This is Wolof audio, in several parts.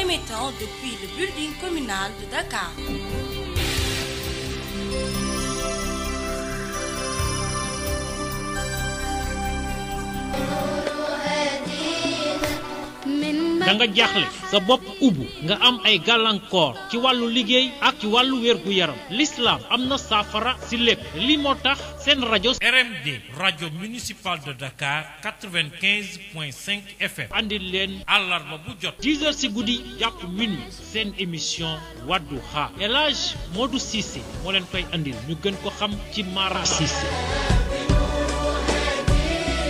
émettant depuis le building communal de Dakar. da nga jaaxle sa bopp ubbu nga am ay gàllankoor ci wàllu liggéey ak ci wàllu wérgu yaram l'islam am na saafara si lépp li moo tax seen rajo RMD rajo municipal de Dakar 95.5 FM andi leen àllarba bu jot 10 si guddi jàpp minuit seen émission Wadduha El Hadj Modou Cissé moo leen koy andil ñu gën ko xam ci Mara Cissé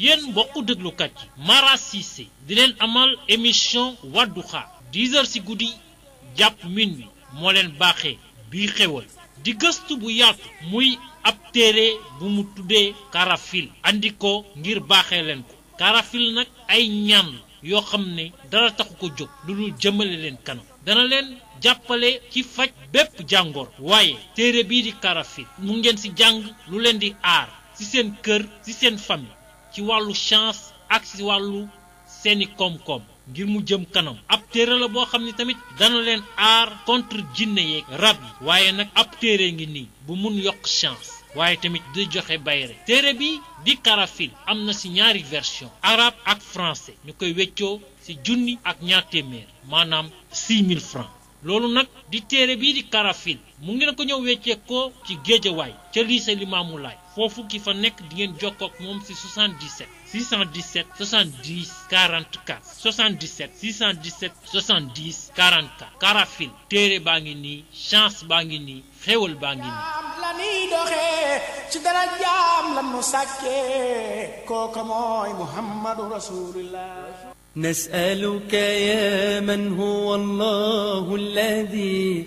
yéen mbokku déglukat yi Mara di leen amal émission Wadduha 10 heures ci guddi jàpp min wi moo leen baaxee bii xewal di gëstu bu yaatu muy ab téere bu mu tuddee karafil andi ngir baaxee leen ko karafil nag ay ñaan yoo xam ne dara taxu ko jóg lu dul jëmale leen kanam dana leen jàppale ci faj bépp jàngoor waaye téere bii di karafil mu ngeen ci jàng lu leen di aar ci seen kër ci seen famille ci wàllu chance ak ci wàllu seeni koom-koom ngir mu jëm kanam ab téere la boo xam ne tamit dana leen aar contre jinne yeeg rab yi waaye nag ab téere ngi nii bu mun yokk chance waaye tamit di joxe bayre téere bi di karafil am na ci ñaari version arabe ak français ñu koy weccoo ci junni ak ñaar maanaam 6000 francs loolu nag di téere bii di karafil mu ngi na ko ñëw weccee ko ci géejawaay ca lycée Limaamu Laay foofu ki fa nekk di ngeen jokkoo ak moom si 77 617 70 44 77 617 70 44 Carafil téere baa ngi nii chance baa ngi nii xéwal baa ngi nii. la ñuy doxee ci dara jaam la nu sàkkee kooka mooy Muhammadu Rasulullah. نسألك يا من هو الله الذي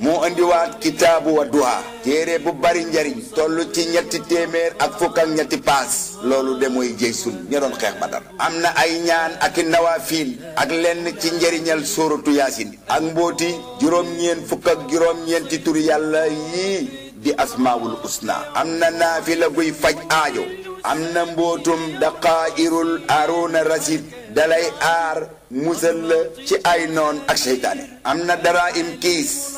moo indiwaat kitaabu Wadduha téere bu bari njariñ toll ci ñetti téeméer ak fukk ñetti paas loolu de mooy jëy sun ña doon xeex Badar am na ay ñaan ak i nawafiil ak lenn ci njariñal sóoratu yaasin ak mbóoti juróom-ñeen fukk juróom-ñeenti turi yàlla yii di asmaawul usna am na naafila guy faj aajo am na mbootum daqaayirul aruuna rasid dalay aar musal ci ay noon ak seytaane am na dara im kiis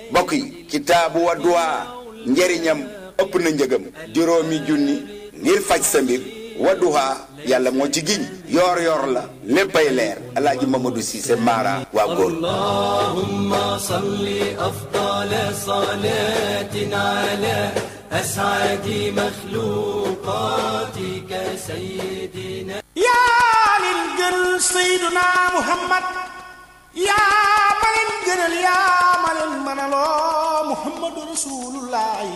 mbokk yi kitaabu Wadduha njëriñam ëpp na njëgam juróomi junni ngir faj sa mbir Wadduha yàlla moo ci giñ yoor yoor la léppay leer alaaji Mamadou Cissé Mara waa góor allahumma salli afdala salatin ala yaa lil gën sayyiduna Muhammad yaa ma leen gënal yaa ma leen mënaloo muhammadu rasulullaahi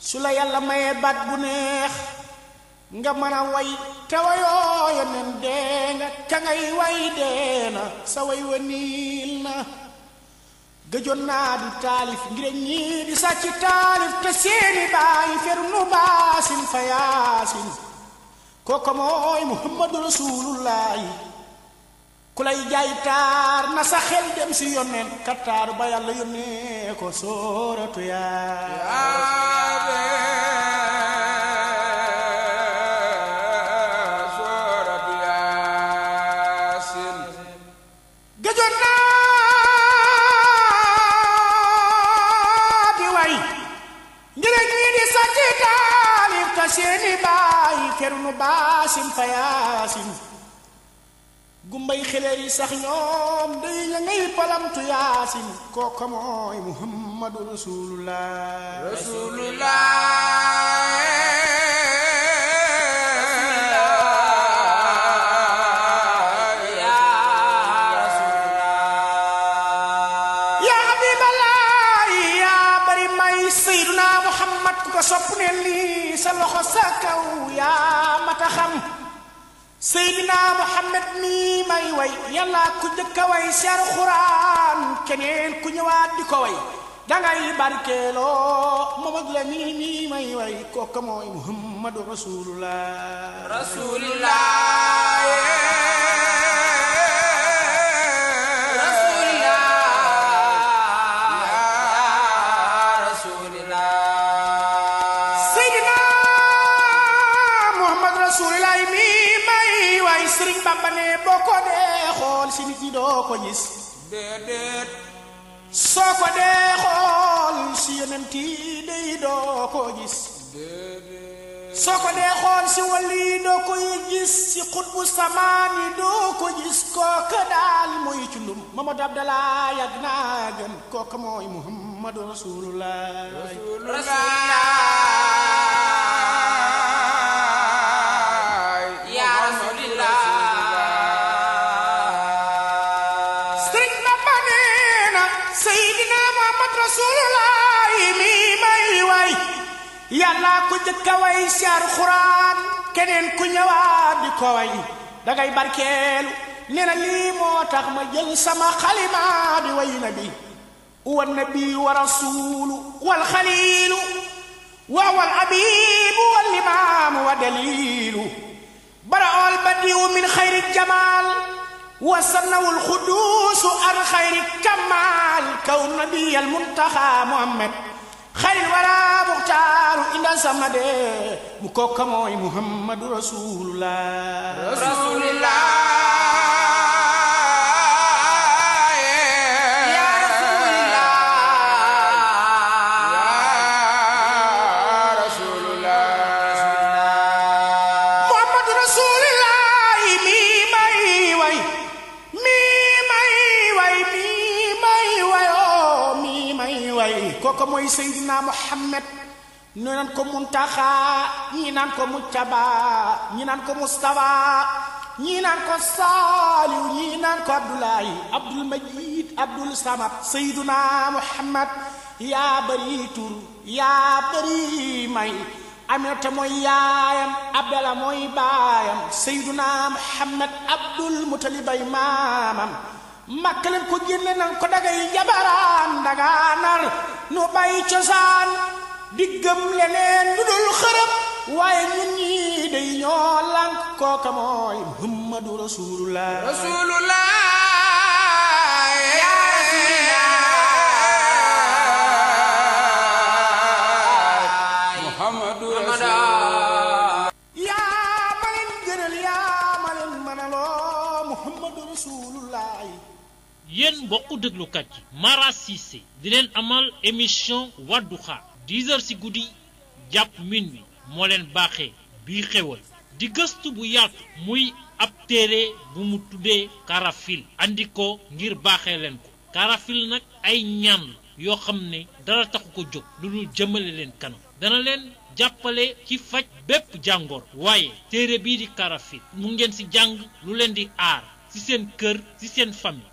su la yàlla mayee baat bu neex nga mën a way te wayoo yeneen dee nga ka ngay way dee na sa way wa niil na gëjoon naa di taalif ngir ñii di sàcc taalif te seeni bàyyi fer nu baasin fa yaasin kooku mooy muhammadu rasulullaahi ku lay jaay taar na sa xel dem si yónneen ka taar ba yàlla yónnee ko sóoratu yaa seeni baay keru nu baasim fayaasim gumbay xileer yi sax ñoom day ña ngay palamtu yaasin kooka mooy muhammadu rasulullah rasulullah sopp ne lii sa loxo sa kaw yaa mata xam Muhammad may way yàllaa ku njëkk a way keneen ku ñëwaat di ko dangay barkeeloo moom ak la nii nii may way kooka mooy muhammadu rasulullah rasulullah ko gis déedéet soo ko dee xool si yonent yi doo ko gis soo ko dee xool si wali doo koy gis si xutbu samaani doo ko gis kooka daal mooy cundum Mamadou Abdallah yàgg naa gën kooka mooy Muhammadu Rasulullah Rasulullah ku way si alxuraan keneen ku ñëwaat di ko way dangay barkeelu nee na lii moo tax ma jël sama xalimaa di way nabi wa nabi wa rasuulu wal xaliilu wa wal abiibu wal imaamu wa daliilu براء البديع من خير الجمال وسنه الخدوس عن خير الكمال كون نبي المنتخى محمد xayril wara muxtaaru inda samade mu kokka mooy muhammadu rasulullah rasulullah Seydina Muhammad ñu naan ko Muntaxa ñii naan ko Mujtaba ñii naan ko Mustafa ñii naan ko Saaliw ñii naan ko Abdullahi Abdul Majid Abdul Samad Seydina Muhammad yaa bari tur yaa bari may Aminata mooy yaayam Abdala mooy baayam Seydina Muhammad Abdul Mutalibay maamam makka leen ko génne nan ko dagay jabaraan dagaanar nu bay cosaan diggam leneen lu dul xërëb waaye day ñoo lànk kooka mooy muhammadu rasulullah yéen bokku déglukat yi Mara Cissé di leen amal émission Wadduha 10 heures ci guddi jàpp minuit moo leen baaxee bi xewal di gëstu bu yaatu muy ab téere bu mu tuddee karafil andi ko ngir baaxee leen ko karafil nag ay ñaan yoo xam ne dara taxu ko jóg lu dul jëmale leen kan dana leen jàppale ci faj bépp jàngoor waaye téere bii di karafil mu ngeen ci jàng lu leen di aar ci seen kër ci seen famille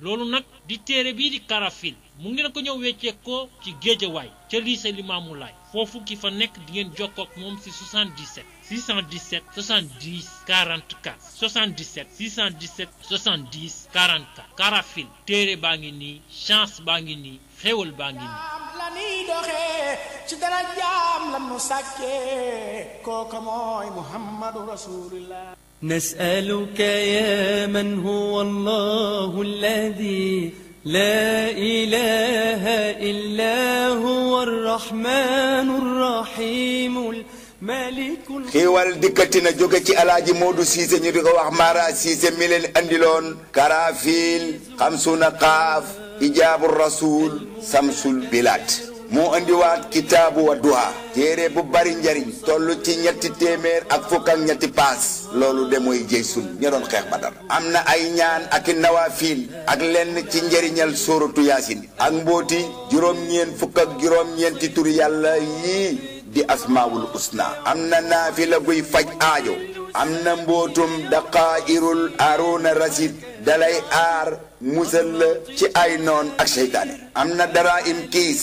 loolu nag di téere bii di karafil mu ngi na ko ñëw wecceekoo ci géejawaay ca lycée Limaamu Laay foofu ki fa nekk di ngeen jokkoo ak moom si 77 617 70 44 77 617 70 44 karafil téere baa ngi nii chance baa ngi nii xéwal baa ngi nii la niy doxee ci dara jaam la nu mooy Muhammadu Rasulullah نسألك يا من هو الله الذي لا إله إلا هو الرحمن الرحيم الملك كي والدكتنا جوكتي على جمود سيزن يرغو وحمارا سيزن ملين أندلون كرافيل خمسون قاف إجاب الرسول سمسول البلاد moo indiwaat kitaabu Wadduha téere bu bari njariñ toll ci ñetti téeméer ak fukk ñetti paas loolu de mooy jëy sun ña doon xeex Badar am na ay ñaan ak i nawafiil ak lenn ci njariñal sóoratu yaasin ak mbóoti juróom-ñeen fukk juróom-ñeenti tur yàlla yii di asmaawul usna am na naafila guy faj aajo am na mbootum daqaayirul aruuna rasid dalay aar musal la ci ay noon ak seytaane am na dara im kiis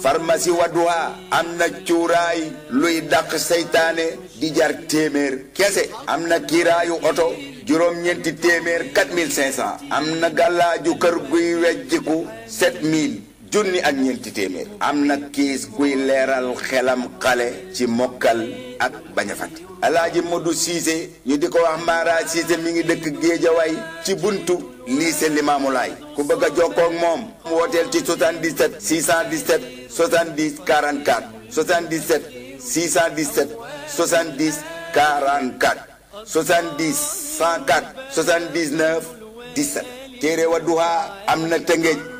pharmacie Wadduha am na cuuraay luy dàq seytaane di jar téeméer kese am na kiiraayu oto juróom-ñeenti téeméer 4500 am na gàllaaju kër guy wejjiku 7000 junni ak ñeenti téeméer am na kiis kuy leeral xelam xale ci mokkal ak bañ a fàtte alaaji Modou Cissé ñu di ko wax Mara Cissé mi ngi dëkk Géejawaay ci buntu lycée Limaamulaay ku bëgg a jokkoo ak moom wooteel ci 77 617 70 44 77 617 70 44 70 104 79 17 téere Wadduha am na tëngéej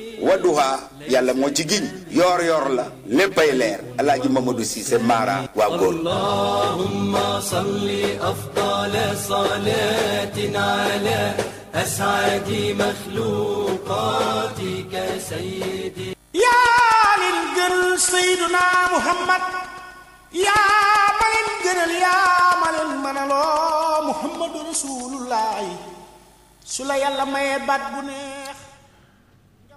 wadduha yàlla moo ci giñ yoor yoor la léppay leer alaaji mamadou Cissé Mara waa góor allahumma salli afdal salatin ala as'adi makhluqatika sayyidi yaa leen gënal sayduna muhammad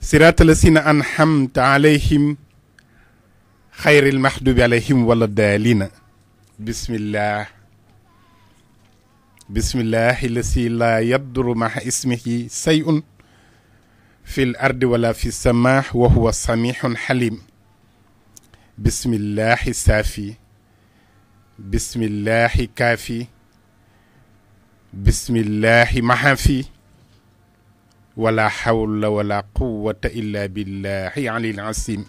صراط الذين أنحمت عليهم خير المحدوب عليهم ولا الدالين بسم الله بسم الله الذي لا يضر مع اسمه شيء في الأرض ولا في السماء وهو سميع حليم بسم الله السافي بسم الله كافي بسم الله محافي ولا حول ولا قوة إلا بالله علي العظيم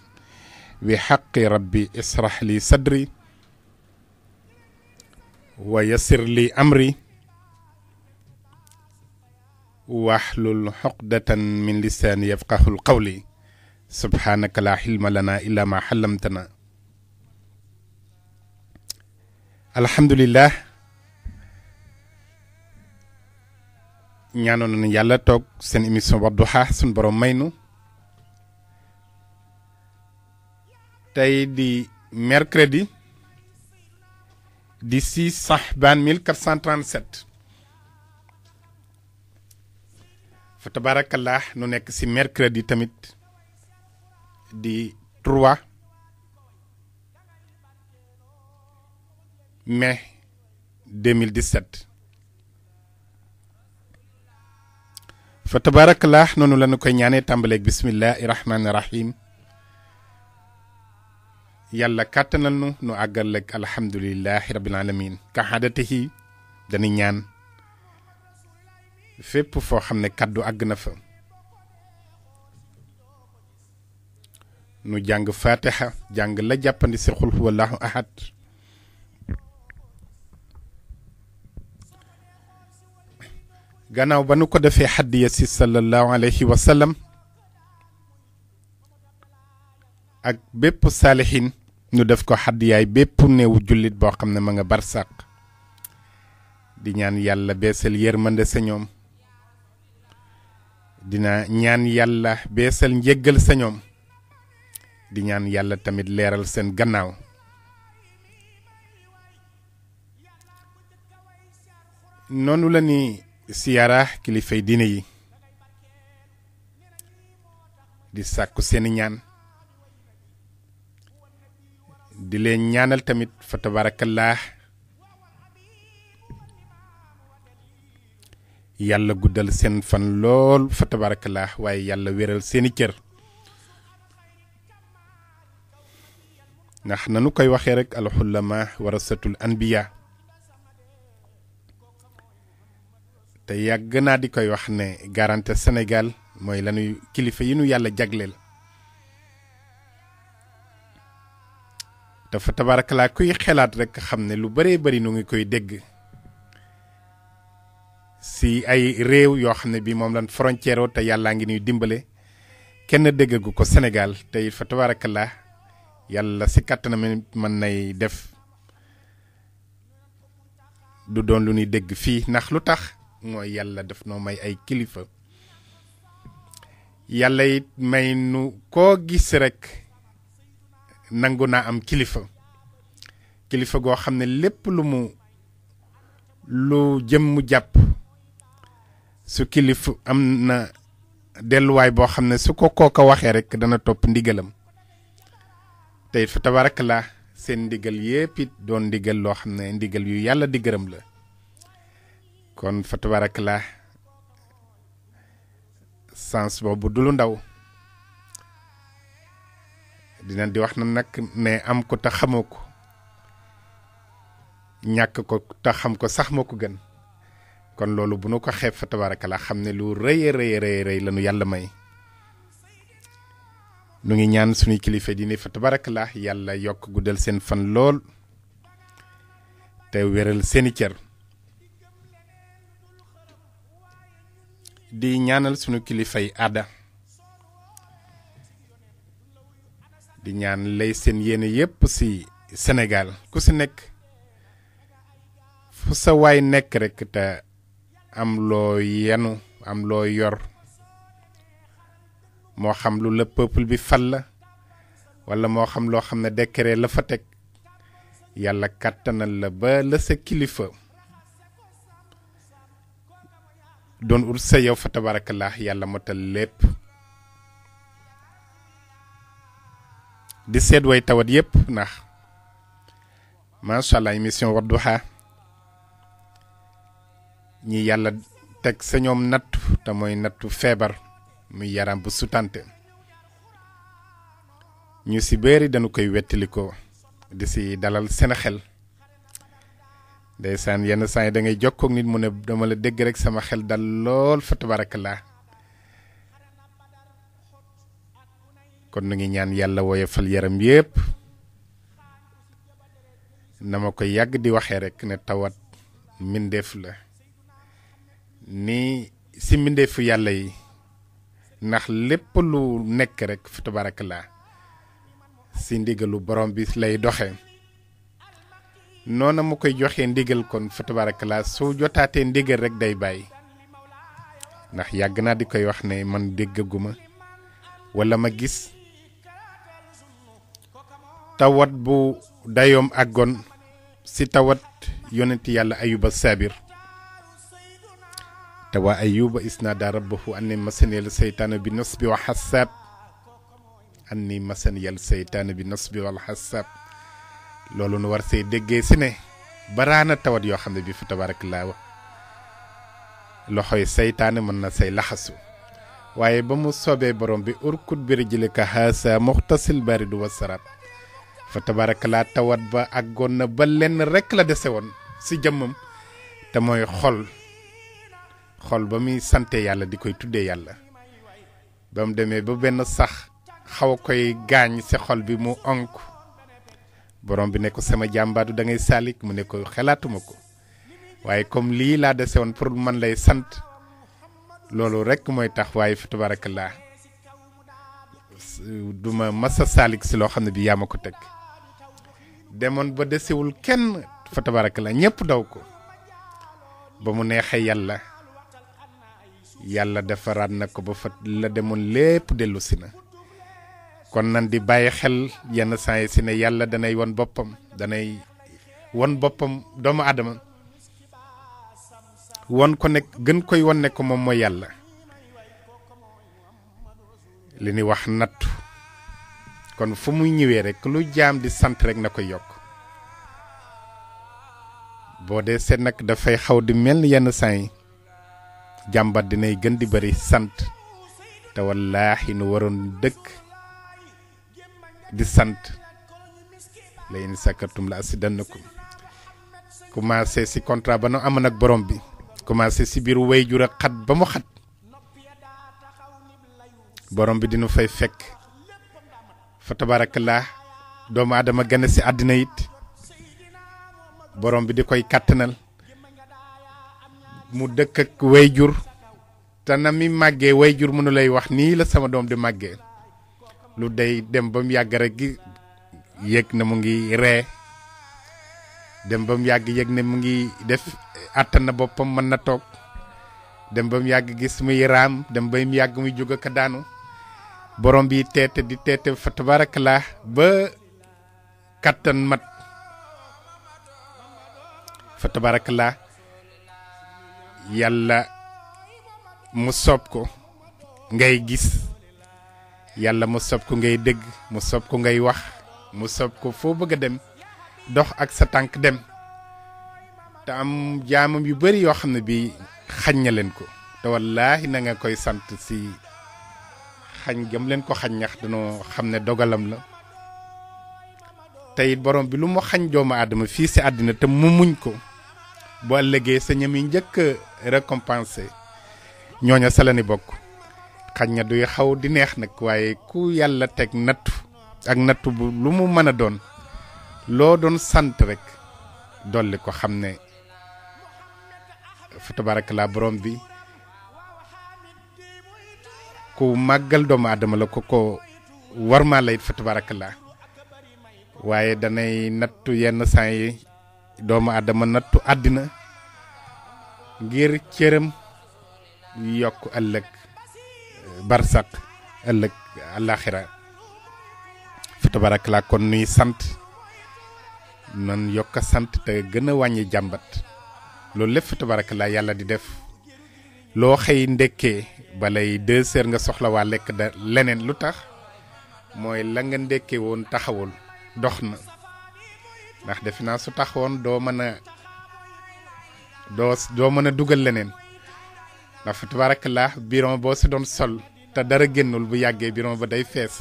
بحق ربي اسرح لي صدري ويسر لي أمري واحلل حقدة من لساني يفقه القول سبحانك لا حلم لنا إلا ما حلمتنا الحمد لله ñaanoon yàlla toog seen émission Wadduha suñu borom may nu tey di mercredi di 6 Sahbaan 1437 fa tabaarakallah nu nekk ci mercredi tamit di 3 mai 2017. فتبارك الله نونو لا نكوي نياني تامبليك بسم الله الرحمن الرحيم يلا كاتنال نو نو اغال لك الحمد لله رب العالمين كحدته داني نيان فيب فو خامن كادو اغنا فا نو جانغ فاتحه جانغ لا جاباندي سي خول هو الله احد gannaaw ba nu ko defee xaddiya si sallallahu alayhi wa ak bépp saalihin ñu def ko xaddiyaay bépp néewu jullit boo xam ne ma nga barsàq di ñaan yàlla beesal yërmande sa ñoom dina ñaan yàlla beesal njëggal sa di ñaan yàlla tamit leeral seen gannaaw noonu la ni siyaara kilifay diine yi di sàkku seeni ñaan di leen ñaanal tamit fa tabarakallah yàlla guddal seen fan lool fa tabarakallah waaye yàlla wéral seeni cër ndax nanu koy waxee rekk alxulama warasatul anbiya te yàgg naa di koy wax ne Garanti Sénégal mooy lanuy kilifa yi nu yàlla jagleel dafa tabaraka laa kuy xelaat rek xam ne lu bëree bari nu ngi koy dégg si ay réew yoo xam ne bii moom lan frontière te yàllaa ngi nuy dimbale kenn déggagu ko senegaal tey fa tabaraka laa yàlla si kàttanam mën nay def du doon lu ñuy dégg fii ndax lu tax. mooy yàlla daf noo may ay kilifa yàlla it may nu koo gis rekk nangu naa am kilifa kilifa goo xam ne lépp lu mu lu jëm mu jàpp su kilifa am na delluwaay boo xam ne su ko kooka waxee rekk dana topp ndigalam tey fa tabarak la seen ndigal yépp it doon ndigal loo xam ne ndigal yu yàlla di gërëm la kon fa la sens boobu du lu ndaw dinañ di wax na nag ne am ko te xamoo ko ñàkk ko te xam ko sax moo ko gën kon loolu bu nu ko xeeb fa tabarakallah xam ne lu rëy rëy rëy rëy yàlla may nu ngi ñaan suñuy kilifa di ne fa tabarakallah yàlla yokk guddal seen fan lool te wéral seeni cër di ñaanal sunu kilifay aada di ñaan lay seen yéene yépp ci Sénégal ku ci nekk fu sa waay nekk rekk te am loo yenu am loo yor moo xam lu la peuple bi fal la walla moo xam loo xam ne décret la fa teg yàlla kàttanal la ba la sa kilifa doon ut sa yow fa tabarakallah yàlla motal lépp di seet woy tawat yépp ndax macha allah émission Wadduha ñi yàlla teg sa ñoom nattu te mooy nattu feebar muy yaram bu sutante ñu ci bëri dañu koy wettali di si dalal seen xel ndeysaan yenn saa yi dangay ngay jokkoog nit mu ne dama la dégg rek sama xel dal lool fa tabarakallah kon nu ngi ñaan yàlla wooye fal yaram yépp na ma ko yàgg di waxee rek ne tawat mbindeef la nii si mbindeefu yàlla yi ndax lépp lu nekk rek fa tabarakallah si ndigalu borom bi lay doxe noona mu koy joxee ndigal kon fa tabaarakallaa soo jotaatee ndigal rek day bàyyi ndax yàgg naa di koy wax ne man déggaguma wala ma gis tawat bu dayoom àggoon si tawat yonenti yàlla ayuba sabir te waa ayuba isnaada rabbahu anni masaniyal seytaana bi nasbi wa xasaab anni masaniyal seytaana bi nasbi wal xasaab loolu nu war see déggee si ne baraana tawat yoo xam ne bi fa loxo yi seytaane mën na say laxasu waaye ba mu soobee borom bi urkut bi rijlika haasa muxtasil baridu wasaraab fa tabaarakallaa tawat ba àggoon na ba lenn rekk la dese woon si jëmmam te mooy xol xol ba muy sante yàlla di koy tuddee yàlla ba mu demee ba benn sax xaw koy gaañ ci xol bi mu onk borom bi ne ko sama jàmbaatu da ngay mu ne ko xalaatuma ko waaye comme lii laa dese woon pour man lay sant loolu rekk mooy tax waaye fi tabaarakallaa du ma masa saalik si loo xam ne bi yaa ma ko teg demoon ba desewul kenn fa tabaarakallaa ñëpp daw ko ba mu neexee yàlla yàlla defaraat na ko ba fa la demoon lépp dellusi na kon nan di bàyyi xel yenn saa yi si ne yàlla danay won boppam danay wan boppam doomu aadama wan ko ne gën koy wan ne ko moom mooy yàlla li ñuy wax nattu kon fu muy ñëwee rek lu jaam di sant rek na ko yokk boo dee seet nag dafay xaw di mel yenn saa yi jàmbat dinay gën di bari sant te wallaahi nu waroon dëkk di sant la in sakkartum la ko commencé si contrat ba nu amoon ak borom bi commencé si biir way jur a xat ba mu xat borom bi dina fay fekk fa la doomu aadama gane ci àddina yit borom bi di koy kàttanal mu dëkk ak way jur te na mi màggee way jur mënu lay wax nii la sama doom di màggee lu day dem bam yag rek gi yek na mu ngi ree dem bam yag yek yëg ne mu ngi def atana bopam man na tok dem bam yag gis muy ram dem bam yag muy jóg ka daanu borom bi tete di tete fa tabarakallah ba katan mat fa tabarakallah yalla mu sop ko ngay gis yàlla mu sob ko ngay dégg mu sob ko ngay wax mu sob ko foo bëgg a dem dox ak sa tànk dem te am jaamam yu bari yoo xam ne bii xañ na leen ko te wallaahi na nga koy sant si xañ gam leen ko xañ ñax danoo xam ne dogalam la te it borom bi lu mu xañ doomu aadama fii si àddina te mu muñ ko bu ëllëgee sa ñami njëkk récompensé ñooña sa leen ni bokk xañ na duy xaw di neex nag waaye ku yàlla teg nattu ak nattu bu lu mu mën a doon loo doon sant rekk dolli ko xam ne fa tabarakalaa borom bi ku màggal doomu aadama la ko ko war maa la waaye danay nattu yenn saa yi doomu aadama nattu àddina ngir cëram yokk ëllëg barsaq ëllëg àllaaxira fi tabarak laa kon nuy sant nan yokk sant te gën a wàññi jàmbat loolu lépp fi laa yàlla di def loo xëy ndekkee balay deux nga soxlawaa lekk leneen lu tax mooy la nga ndekkee woon taxawul dox na ndax defe naa su taxawoon doo mën a doo doo mën a dugal leneen ndax fa tabarakallah biron boo si doon sol te dara génnul bu yàggee biron ba day fees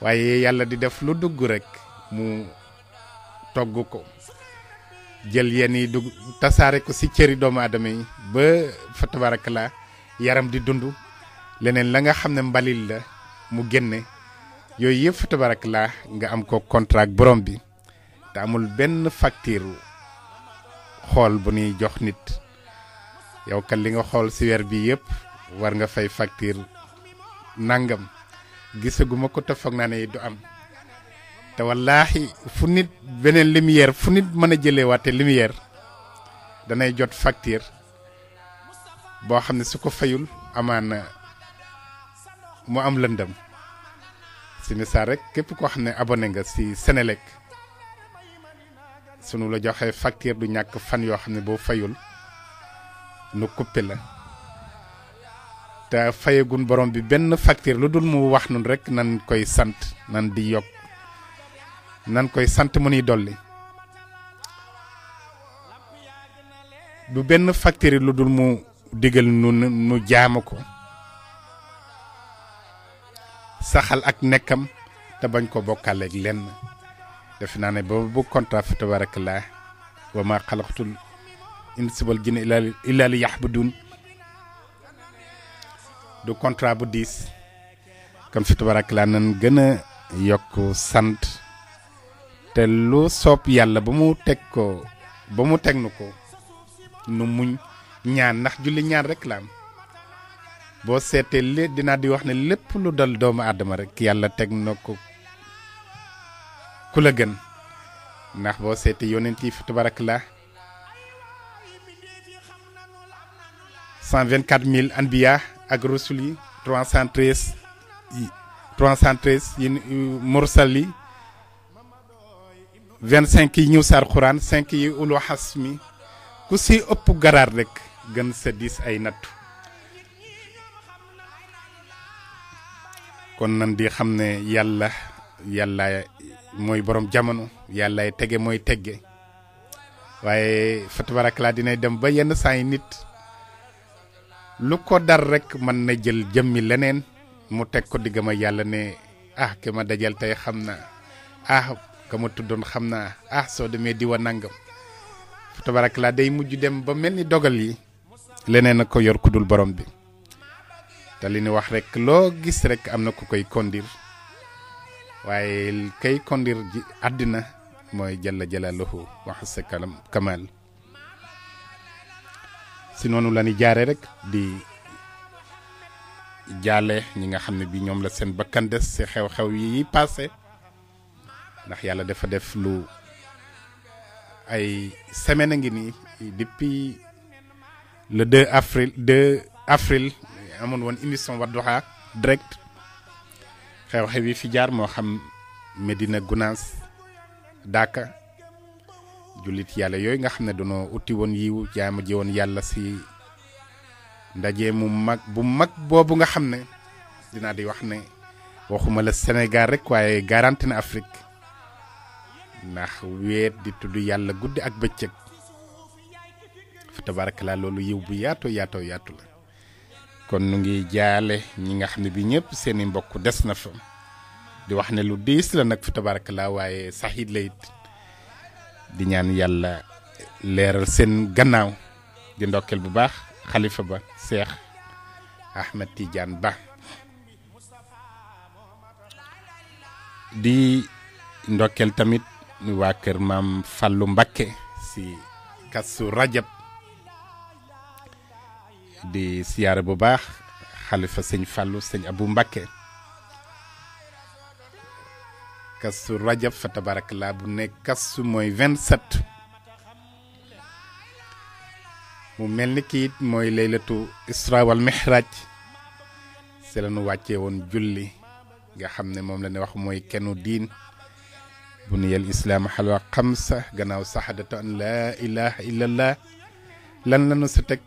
waaye yàlla di def lu dugg rek mu togg ko jël yenn yi dugg tasaare ko ci cëri doomu aadama yi ba fa tabarakallah yaram di dund leneen la nga xam ne mbalil la mu génne yooyu yëpp fa nga am ko contrat borom bi te amul benn facture xool bu ñuy jox nit yow kan li nga xool si weer bii yëpp war nga fay facture nangam gisaguma ko te foog naa ne du am te wallaahi fu nit beneen lumière fu nit mën a jëlee waate lumière danay jot facture boo xam ne su ko fayul na mu am lëndam si misaal rek képp koo xam ne abonne nga si Senelec sunu la joxee facture du ñàkk fan yoo xam ne boo fayul nu coupé la te fayagun borom bi benn facture lu dul mu wax nun rek nan koy sant nan di yokk nan koy sant mu nuy dolli bu benn facture lu dul mu digal nu nu jaam ko saxal ak nekkam te bañ ko bokkaaleeg lenn defe naa ne boobu bu contrat fa tabarak laa wa ma xalaqtul insi wal jinne illaa li yahbudun du contrat bu diis kon fi tabarak laa nan gën a yokk sant te lu soob yàlla ba mu teg ko ba mu teg nu ko nu muñ ñaan ndax julli ñaan rekk la boo seetee li dinaa di wax ne lépp lu dal doomu aadama rek yàlla teg na ko ku la gën ndax boo seetee yonent fi tabarak laa 124 000 anbiya ak rusul yi 313 yi 313 euh, yi mursal yi 25 yi ñëw saar xuraan yi ulu xas mi ku si ëpp garaar rek gën sa diis ay nattu kon nan di xam ne yàlla yàlla mooy borom jamono yàllaay tege mooy tegge waaye fatabarak laa dinay dem ba yenn saa yi nit lu ko dar rek mën na jël jëmmi leneen mu teg ko diggama yàlla ne ah ke ma dajal tey xam naa ah ka ma tuddoon xam naa ah soo demee di wa nangam tabarak laa day mujj dem ba mel ni dogal yi leneen a ko yor kudul borom bi te li ni wax rek loo gis rekk am na ku koy kondir waaye kay kondir ji àddina mooy la jalaaluhu wax sa kalam kamal si noonu la ñu jaaree rek di jaale ñi nga xam ne bi ñoom la seen bakkan des si xew-xew yi passé ndax yàlla dafa def lu ay semaine a ngi nii depuis le 2 avril 2 avril amoon woon émission Wadduha direct xew-xew yi fi jaar moo xam Medina Gounass Daaka jullit yàlla yooyu nga xam ne danoo utti woon yiw jaama ji woon yàlla si ndaje mu mag bu mag boobu nga xam ne dinaa di wax ne waxuma la Sénégal rek waaye garanti na Afrique ndax weet di tudd yàlla guddi ak bëccëg fa tabaarakalaa loolu yiw bu yaatoo yaatoo yaatu la kon nu ngi jaale ñi nga xam ne bi ñëpp seeni mbokk des na fa di wax ne lu diis la nag fa tabaarakalaa waaye sax it la di ñaan yàlla leeral seen gannaaw di ndokkeel bu baax xalifa ba seex Ahmed Tidiane Ba di ndokkeel tamit waa kër maam Fàllu Mbakke si kasu rajab di siyaare bu baax xalifa sëñ Fàllu sëñ Abu Mbakke kasu rajab fa tabarak la bu nek kasu moy 27 mu melni ki moy laylatu isra wal mihraj se la nu wàccee julli nga xamne mom la ne wax moy kenu din bu yel islam halwa khamsa ganaw sahadatu an la ilaha illa allah lan lañu nu tek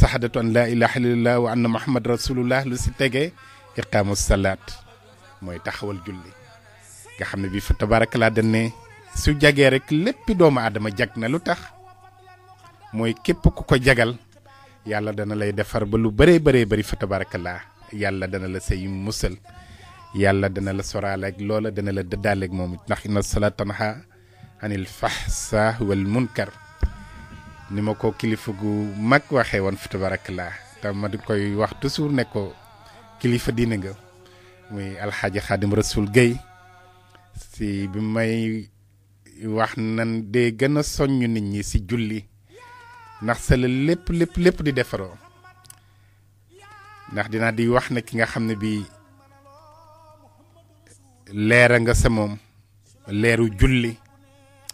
sahadatu an la ilaha illa allah wa anna muhammad rasulullah lu si tege iqaamu salat moy taxawal julli nga xam ne bii fa tabaarakallaa dañ ne su jagee rek léppi doomu aadama jag na lu tax mooy képp ku ko jagal yàlla dana lay defar ba lu bëree bëree bari fa tabaarakallaa yàlla dana la say musal yàlla dana la soraaleeg loola dana la dëddaaleeg moom it ndax inna salaat tanha anil fahsa wal munkar ni ma ko kilifa gu mag waxee woon fa tabaarakallaa te ma di koy wax toujours ne ko kilifa diine nga muy alxaaji xaadim rasul Guèye si bi may wax nan dee gën a soññ nit ñi si julli ndax sa la lépp lépp lépp di defaroo ndax dina di wax na ki nga xam ne bii a nga sa moom leeru julli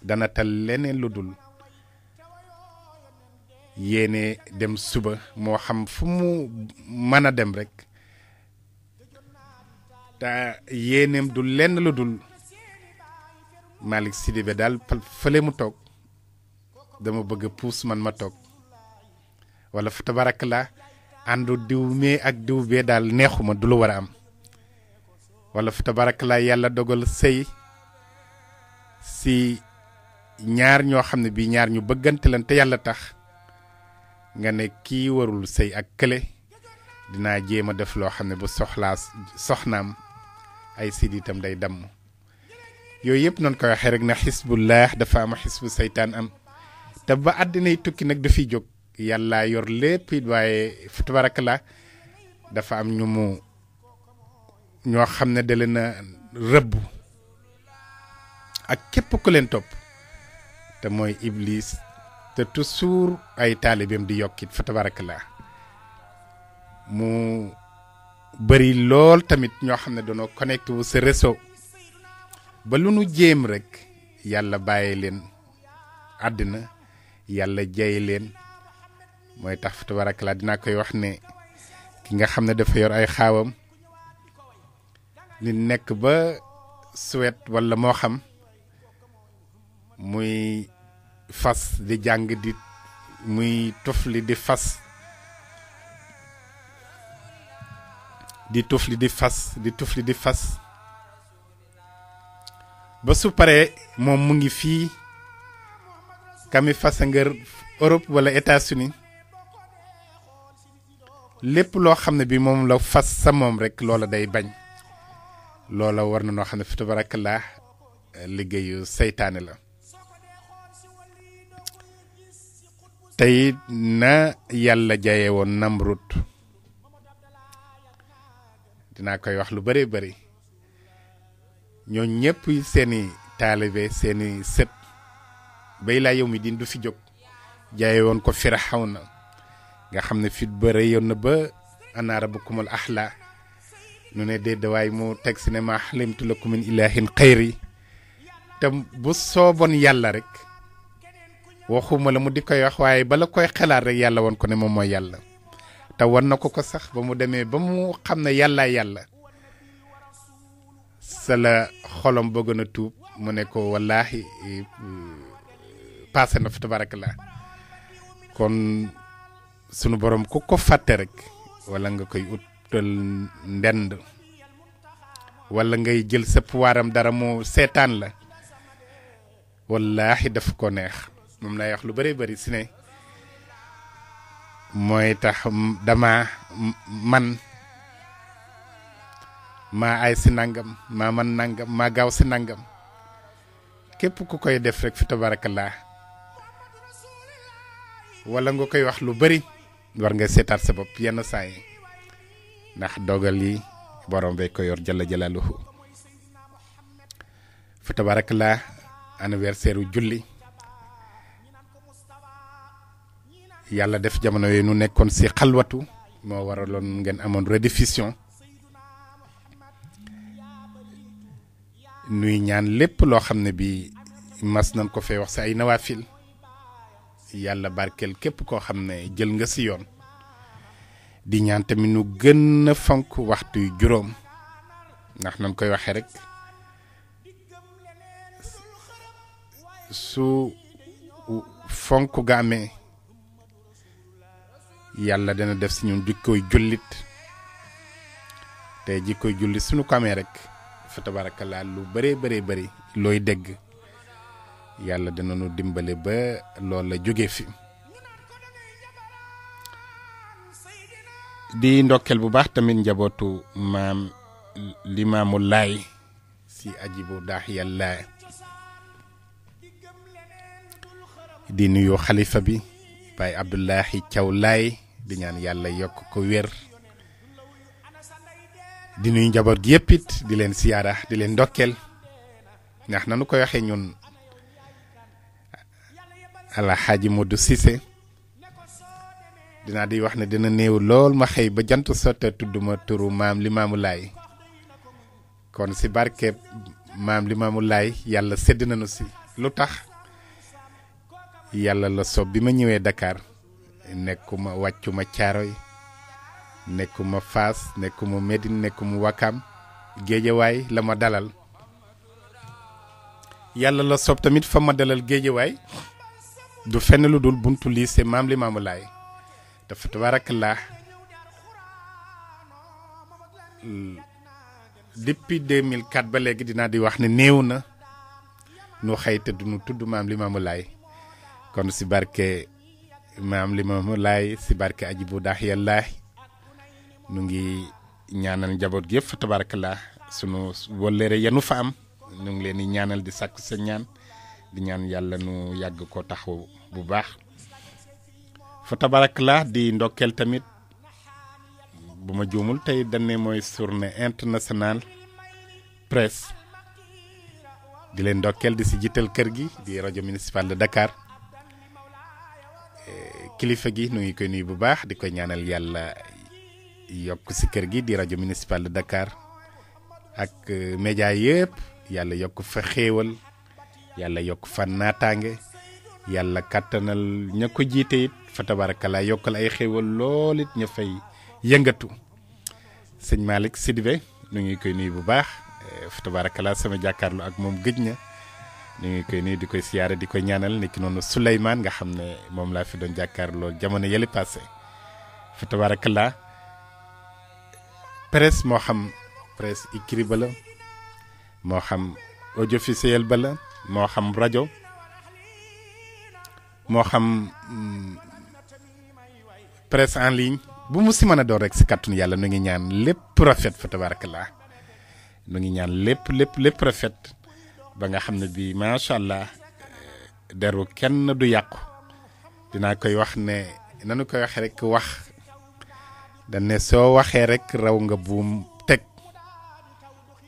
dana tal leneen lu dul yéene dem suba moo xam fu mu mën a dem rekk te yéeneem du lenn lu dul Malick Sidibé daal fële mu toog dama bëgg a puus man ma toog wala fa barak la àndu diw mee ak diw bee daal neexuma du lu war a am wala fa barak la yàlla dogal sëy si ñaar ñoo xam ne bii ñaar ñu bëggante lan te yàlla tax nga ne kii warul sëy ak kële dinaa jéem a def loo xam ne bu soxlaa soxnaam ay siditam day damm yooyu yëpp noonu koy waxee rek na xisbullah dafa am xisbu saytaan am te ba àddinay tukki nag dafiy jóg yàlla yor lépp it waaye tabarakallah dafa am ñu mu ñoo xam ne da leen a rëbb ak képp ku leen topp te mooy iblis te toujours ay taalibeem di yokkit fa tabarakallah mu bëri lool tamit ñoo xam ne danoo connecté wu sa réseau ba lu nu jéem rekk yàlla bàyyi leen àddina yàlla jay leen mooy tax fa tabarakalaa dinaa koy wax ne ki nga xam ne dafa yor ay xaawam nit nekk ba suwet walla moo xam muy fas di jàng di muy tufli di fas di tufli di fas di tufli di fas ba su paree moom mu ngi fii kami fasangeer Europe wala États-Unis lépp loo xam ne bi moom la fas sa moom rek loola day bañ loola war na noo xam ne fi tabarakallah liggéeyu seytaane la tey na yàlla jaye woon Namrud dinaa koy wax lu bëree bëri ñoo ñëpp seeni taalibe seeni sët bay laa yow mi din du fi jóg jaaye woon ko firawna nga xam ne fit ba rëyoon na ba ana rabbukumul ahla nu ne déedéet waaye mu teg si ne maa xalimtu lakum min ilahin xayri te bu sooboon yàlla rek waxuma la mu di koy wax waaye bala koy xalaat rek yàlla woon ko ne moom mooy yàlla te war na ko ko sax ba mu demee ba mu xam ne yàllaa yàlla sa la xolom bëggoon a tuub mu ne ko wallaahi paase na fi la kon sunu boroom ku ko fàtte rek walla nga koy utal ndend wala ngay jël sa puwaaram dara mu seetaan la wallaahi daf ko neex moom lay wax lu bëree bëri si ne mooy tax dama man Ma ay si nangam ma man nangam ma gaw si nangam képp ku koy def rek fi tabarakallah wala nga koy wax lu bari war nga seetaat sa bopp yenn saa yi ndax dogal yi borom bay ko yor jalla jalaluhu fi tabarakallah anniversaire julli yalla def jamono yi nu nekkon si xalwatu moo waraloon ngeen amoon rediffusion nuy ñaan lépp loo xam ne bi mas nañ ko fee wax si ay nawaafil yàlla barkeel képp koo xam ne jël nga si yoon di ñaan tamit nu gën a fonk waxtu juróom ndax nañ koy waxee rek su fonk ga amee yàlla dana def si ñun jikkooy jullit te jikkooy jullit sunu ko amee rek fa tabaarakallaa lu bare bëree bëri looy dégg yàlla dana ñu dimbali ba loolu la jóge fi di ndokkeel bu baax tamit njabootu maam limaamu laay si ajibu daax yàlla di xalifa bi Baay Abdullahi Thiaw Laay di ñaan yàlla yokk ko wér di njaboot gi yëpp it di leen siyaara di leen ndokkeel ndax nanu koy waxee ñun alxaaji Modou Cissé dinaa di wax ne dina néew lool ma xëy ba jant sotta tudd ma turu maam li maamu laay kon si barkeb maam li maamu laay yàlla sedd nañu si lu tax yàlla la sob bi ma ñëwee dakaar nekkuma wàccuma caaro yi nekkuma Fass nekkuma Medine nekkuma Wakam géejawaay la ma dalal yàlla la sob tamit fa ma dalal géejawaay du fenn lu dul buntu lycée Maam Limaamu Laay dafa tabaarakallaa depuis 2004 ba léegi dinaa di wax ne néew na nu xëy te du nu tudd Maam Limaamu Laay kon si barke Maam Limaamu Laay si barke aji bu daax yàllaay nu ngi ñaanal njaboot gi yëpp fa tabarakallah sunu wolleere yanu fa am nu ngi leen di ñaanal di nyana sa ñaan di ñaan yàlla nu yàgg ko taxaw bu baax fa tabarakallah di ndokkel tamit bu ma juumul tey surne internasional mooy di leen ndokkel di si jiital kër gi di rajo municipal de Dakar eh, kilifa gi nu ngi koy nuyu bu baax di koy ñaanal yàlla yokk si kër gi di rajo municipal de Dakar ak euh, média yëpp yàlla yokk fa xéewal yàlla yokk fa naataange yàlla kàttanal ña ko jiite it fa yokkal ay xéewal lool it ña fay yëngatu sëñ Malick Sidibé nu ngi koy nuyu bu baax euh, fa tabarakalaa sama jàkkaarloo ak moom gëj na nu ngi koy nuyu di koy siyaare di koy ñaanal nekk noonu Souleymane nga xam ne moom laa fi doon jàkkaarloo jamono yële passé presse moo xam presse écrit ba la moo xam audiovisuel ba la moo xam rajo moo xam hmm, presse en ligne bu mu si mën a doon rek si kàttanu yàlla nu ngi ñaan lépp rafet fa tabarakallah nu ngi ñaan lépp lépp lépp rafet ba nga xam ne bii macha allah eh, deru kenn du yàqu dinaa koy wax ne nanu koy wax rek wax. Dan ne so waxe rek raw nga boom tek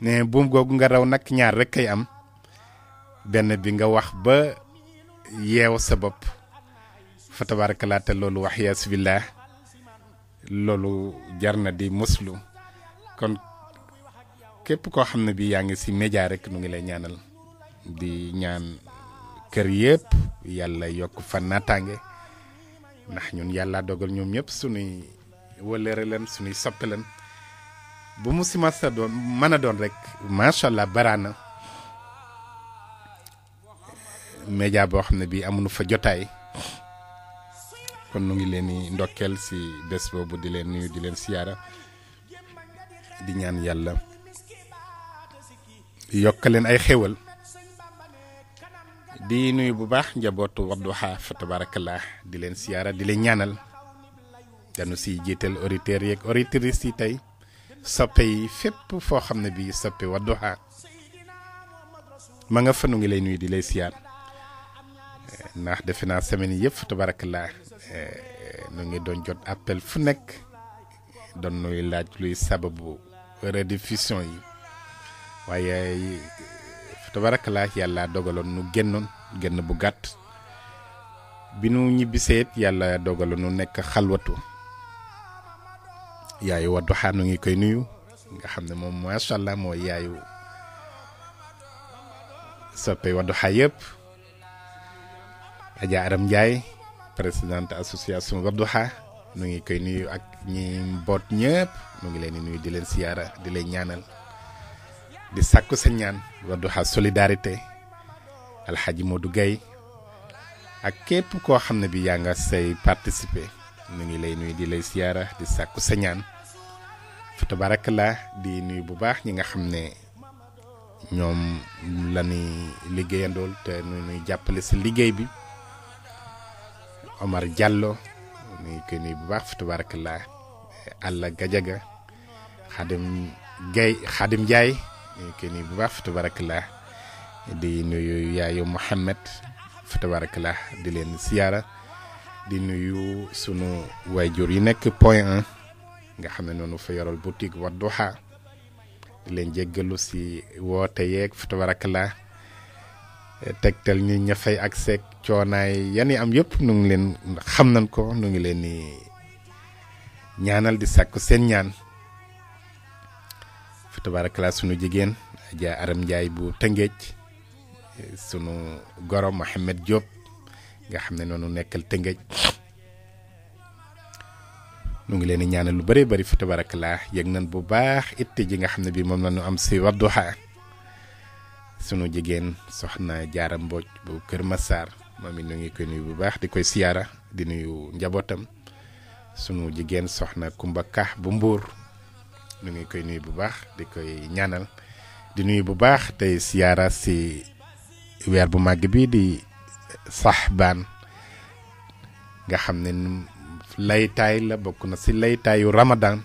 ne boom googu nga raw nak ñaar rek kay am ben bi nga wax ba yew sa bop fa tabarakallah te lolu wax yaas billah lolu jar di muslu kon kep ko xamne bi yaangi ci si rek nu ngi lay ñaanal di ñaan kër yépp yàlla yokk fa naataange ndax ñun yàlla dogal ñoom ñëpp sunuy wëllëre leen suñuy soppe leen bu mu si mas doon mën a doon rek macha allah baraana média boo xam ne bii amulu fa jotaay kon nu ngi leen di ndokkeel si bés boobu di leen nuyu di leen siyaara di ñaan yàlla yokk ay xéwal di nuyu bu baax njabootu Wadduha fa tabarakallah di leen siyaara di leen ñaanal. danu siy jiital auditeurs yeeg auditrices tay tey pays yi fépp foo à ne de Wadduha ma nga fanu ngi lay nuy di lay siyaar eh, ndax defe semaine yef tabarakallah eh, nu ngi doon jot appel fu nek doon nuy laaj luy sababu rediffusion yi waye tabarakallah yalla nu gennon genn bu gatt bi nu yaayu Wadduha nu ngi koy nuyu nga xam ne moom macha allah mooy yaayu soppe Wadduha yëpp Adja Aram Ndiaye présidente association Wadduha nu ngi koy nuyu ak ñi mboot ñëpp nu ngi leen di nuyu di leen siyaara di lay ñaanal di sàkku sa ñaan Wadduha solidarité alxaaji Modou Gaye ak képp koo xam ne bi yaa nga say participer ñu ngi lay nuy di lay siyaara di sàkku sa fi fa la di nuy bu baax ñi nga xam ne ñoom la ni liggéeyandool te nuy jàppale si liggéey bi Omar Diallo nuy koy nuyu bu baax fa la Alla Gajaga Xadim Gay Xadim Jaay nuy koy nuyu bu baax la di nuyu yaayu Mohammed fa la di leen siyaara di nuyu sunu wayjur yi nekk point 1 nga xam ne noonu fa yoral boutique wadduha di leen jéggalu si woote yeeg fa tabarakallah tegtal ñi ña fay ak seeg coonaay am nu ngi xam ko nu ngi leen ni ñaanal di sàkku seen ñaan sunu jigen aja aram jai bu tëngeej sunu goro mohammed diop nga xamne nonu nekkal tengej nu ngi leen di ñaanal lu bari bari fi tabarakallah yëg nañ bu baax itte ji nga xamne bi mom lañu am si wadduha sunu jigen soxna jaaram boj bu keur Massar mami it nu ngi koy nuyu bu baax di koy siyaara di nuyu njabootam sunu jigen soxna kumba kah bu mbur nu ngi koy nuyu bu baax di koy ñaanal di nuyu bu baax tay si wer bu mag bi di saxbaan nga xam ne laytaay la bokk na si laytaayu Ramadan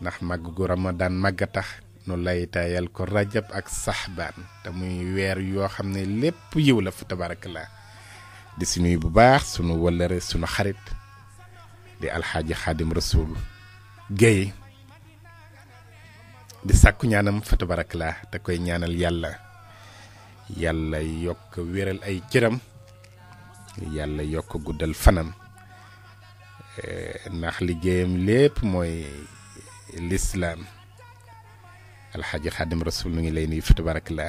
ndax màgg gu Ramadan màgg a tax nu laytaayal ko rajab ak saxbaan te muy weer yoo xam ne lépp yiw la fa la di si nuyu bu baax sunu wëllëre sunu xarit di alxaaji xaadim rasul Guèye di sàkku ñaanam fa la te koy ñaanal yàlla yàlla yokk wéral ay cëram yàlla yokk guddal fanam eh, ndax liggéeyam lépp mooy lislaam alxaaji xaadim rasul nu ngi lay nuyu fa la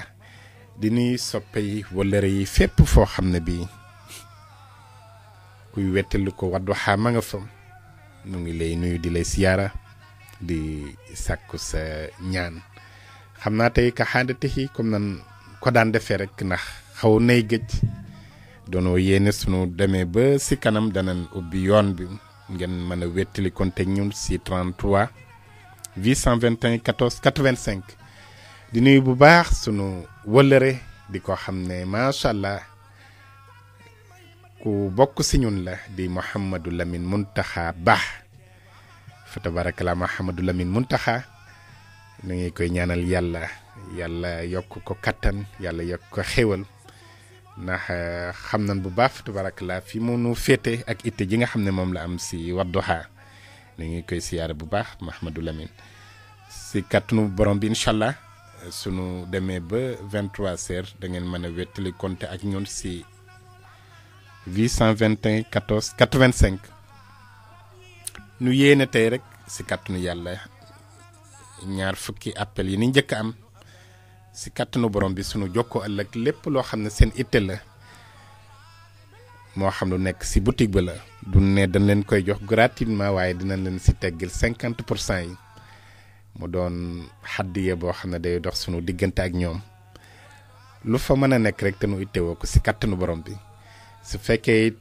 di nuy soppe yi wëllëre yi fépp foo xam ne bii kuy wettalu ko Wadduha ma nga fa nu ngi lay nuyu di lay siyaara di sàkku sa ñaan xam naa tey ka xaadatihi comme nan ko daan defee rek ndax xaw nay gëj doonoo yéene sunu demee ba si kanam danañ ubbi yoon bi ngeen mën a wettali konte ñun si 33 821 14 85 di nuyu bu baax sunu wëllëre di ko xam ne macha allah ku bokk ci ñun la di Mouhamadou Lamine Muntaxa baax fa tabarakalaa Mouhamadou Lamine Muntaxa nu ngi koy ñaanal yàlla yàlla yokk ko kattan yàlla yokk ko xéwal ndax eh, xam nañ bu baax tabarakallah fi mu nu fété ak ité ji nga xamné mom la am ci wadduha ni ngi koy siyar bu baax mahamadou lamine si katnu borom bi inshallah eh, sunu demee ba 23 h da ngeen mëna wétali wettali compte ak ñun si 821 14 85 nu yéene tey rek si katnu yalla ñaar fukki appel yi ni ñëk am si kàttanu borom bi sunu jokkoo ëllëg lépp loo xam ne seen itte la moo xam lu nekk si boutique bi la. du ne dañ leen koy jox gratuitement waaye dinañ leen si teggil cinquante pour cent yi mu doon xaddiye boo xam ne day dox suñu diggante ak ñoom lu fa mën a nekk rek te nu ittewoo ko si kàttanu borom bi su fekkee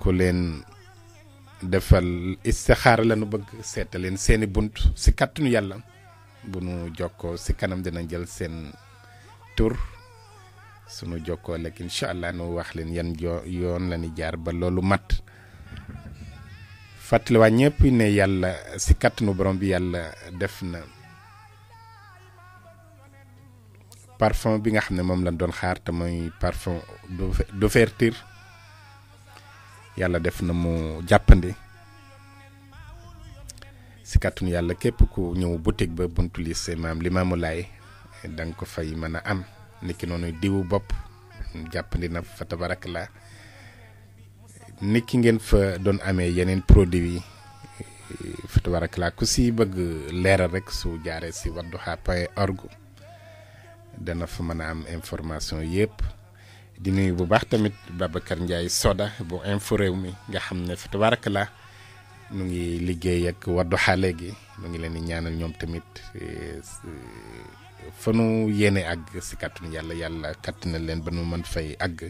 ku leen. defal istixaara lanu bëgg seetaleen seeni bunt si kàttanu yàlla bu nu jokkoo si kanam dina jël seen tur sunu jokkoo lekk incha allah nu wax leen yan yoon la ni jaar ba loolu mat fàttaliwaat ñëpp ne yàlla si kàttanu borom bi yàlla def na parfum bi nga xam ne moom lañ doon xaar te mooy parfum yàlla def na mu jàppandi si kàttanu yàlla képp ku ñëw boutique ba buntu lycée maam Limaamu Laay da ko fay mana am niki noonu diwu bopp jàppandi na fa tabarak la niki ngeen fa don amee yeneen produit yi fa tabarak la ku si bëgg rek su jaaree si wadduha point orgu dana fa mana am information yépp di nuyu bu baax tamit babacar ndiaye soda bu info réew mi nga xam ne fa tabarak la nu ngi liggéey ak wadduha léegi nu ngi leen di ñaanal ñoom tamit eh, fa nu yéene àgg si kàttanu yàlla yàlla na leen ba nu mën fay àgg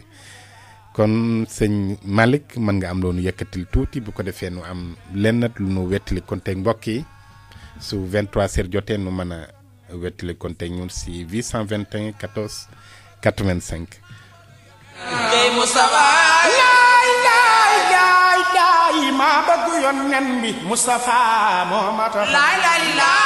kon sëñ Malick mën nga am loonu yëkkatil tuuti bu ko defee nu am lennat lu nu wettali konteeg mbokk yi su 23 heures jotee nu mën a wettali konteeg ñun si 821 14 85. maa bëgg yoon nen bi Moustapha moo ma tax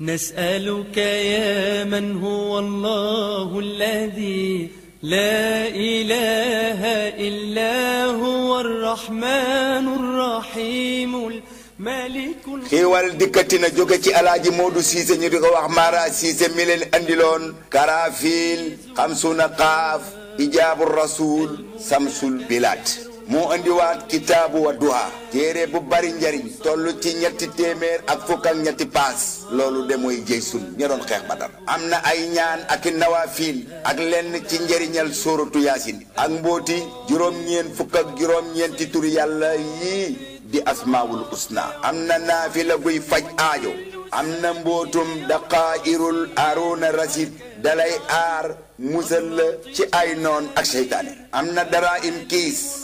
نسألك يا من هو الله الذي لا إله إلا هو الرحمن الرحيم الملك كيوال ديكتنا جوكتي على جمود سيزن يريغو أحمارا سيزن ملين أندلون كرافيل خمسون قاف إجاب الرسول سمسول البلاد. moo andiwaat kitaabu Wadduha téere bu bari njariñ toll ci ñetti téeméer ak fukk ñetti paas loolu de mooy jëy sun ña doon xeex Badar am na ay ñaan ak nawafiil ak lenn ci njariñal sóoratu yaasin ak mbóoti juróom-ñeen fukk juróom-ñeenti tur yàlla yii di asmaawul usna am na naafila guy faj aajo am na mbóotum daqaa'irul aaroona rasid dalay aar musal la ci ay noon ak seytaane am na dara im kiis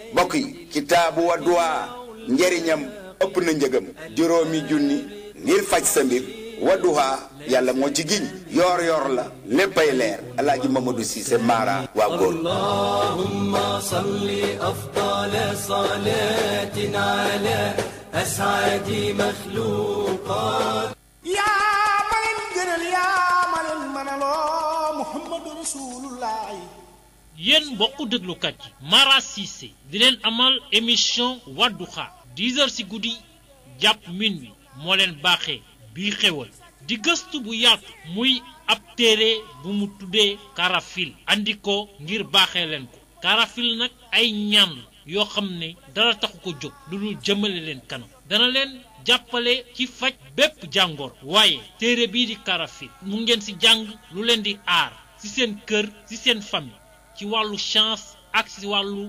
mbokk yi kitaabu Wadduha njëriñam ëpp na njëgam juróomi junni ngir faj sa mbir Wadduha yàlla moo ci giñ yoor yoor la léppay leer alaaji Mamadou Cissé Mara waa góor allahumma salli afdala salatin ala as'adi makhluqat yaa ma leen yaa ma leen mënaloo muhammadu rasulullah yéen mbokku déglukat yi Mara di leen amal émission Wadduha 10 heures ci guddi jàpp minuit moo leen baaxee bi xewal di gëstu bu yaatu muy ab téere bu mu tuddee karafil andi ko ngir baaxee leen ko karafil nag ay ñaan yoo xam ne dara taxu ko jóg lu dul jëmale leen kanam dana leen jàppale ci faj bépp jàngoor waaye téere bii di karafil mu ngeen ci jàng lu leen di aar ci seen kër ci seen famille ci wàllu chance ak ci wàllu